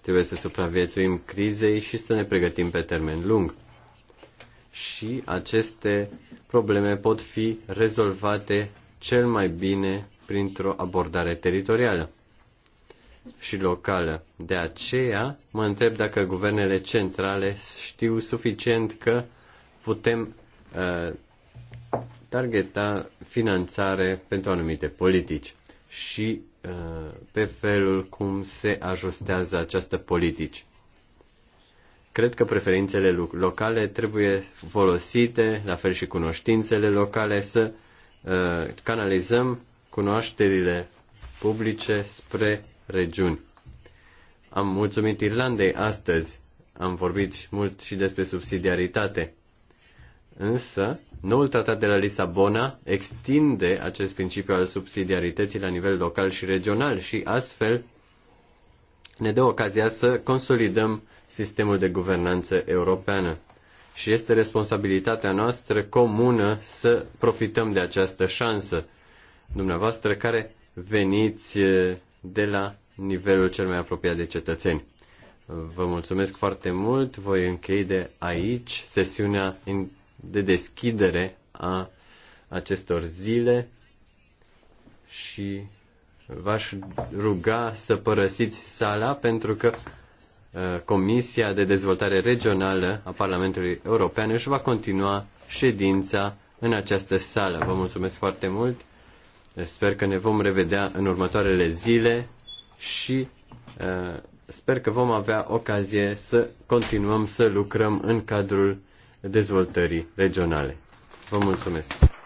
Trebuie să supraviețuim crizei și să ne pregătim pe termen lung. Și aceste probleme pot fi rezolvate cel mai bine printr-o abordare teritorială și locală. De aceea mă întreb dacă guvernele centrale știu suficient că putem uh, targeta finanțare pentru anumite politici și uh, pe felul cum se ajustează această politici. Cred că preferințele locale trebuie folosite, la fel și cunoștințele locale, să uh, Uh, canalizăm cunoașterile publice spre regiuni. Am mulțumit Irlandei astăzi, am vorbit mult și despre subsidiaritate. Însă, noul tratat de la Lisabona extinde acest principiu al subsidiarității la nivel local și regional și astfel ne dă ocazia să consolidăm sistemul de guvernanță europeană și este responsabilitatea noastră comună să profităm de această șansă. Dumneavoastră care veniți de la nivelul cel mai apropiat de cetățeni. Vă mulțumesc foarte mult. Voi încheide aici sesiunea de deschidere a acestor zile și v-aș ruga să părăsiți sala pentru că Uh, Comisia de Dezvoltare Regională a Parlamentului European își va continua ședința în această sală. Vă mulțumesc foarte mult. Sper că ne vom revedea în următoarele zile și uh, sper că vom avea ocazie să continuăm să lucrăm în cadrul dezvoltării regionale. Vă mulțumesc!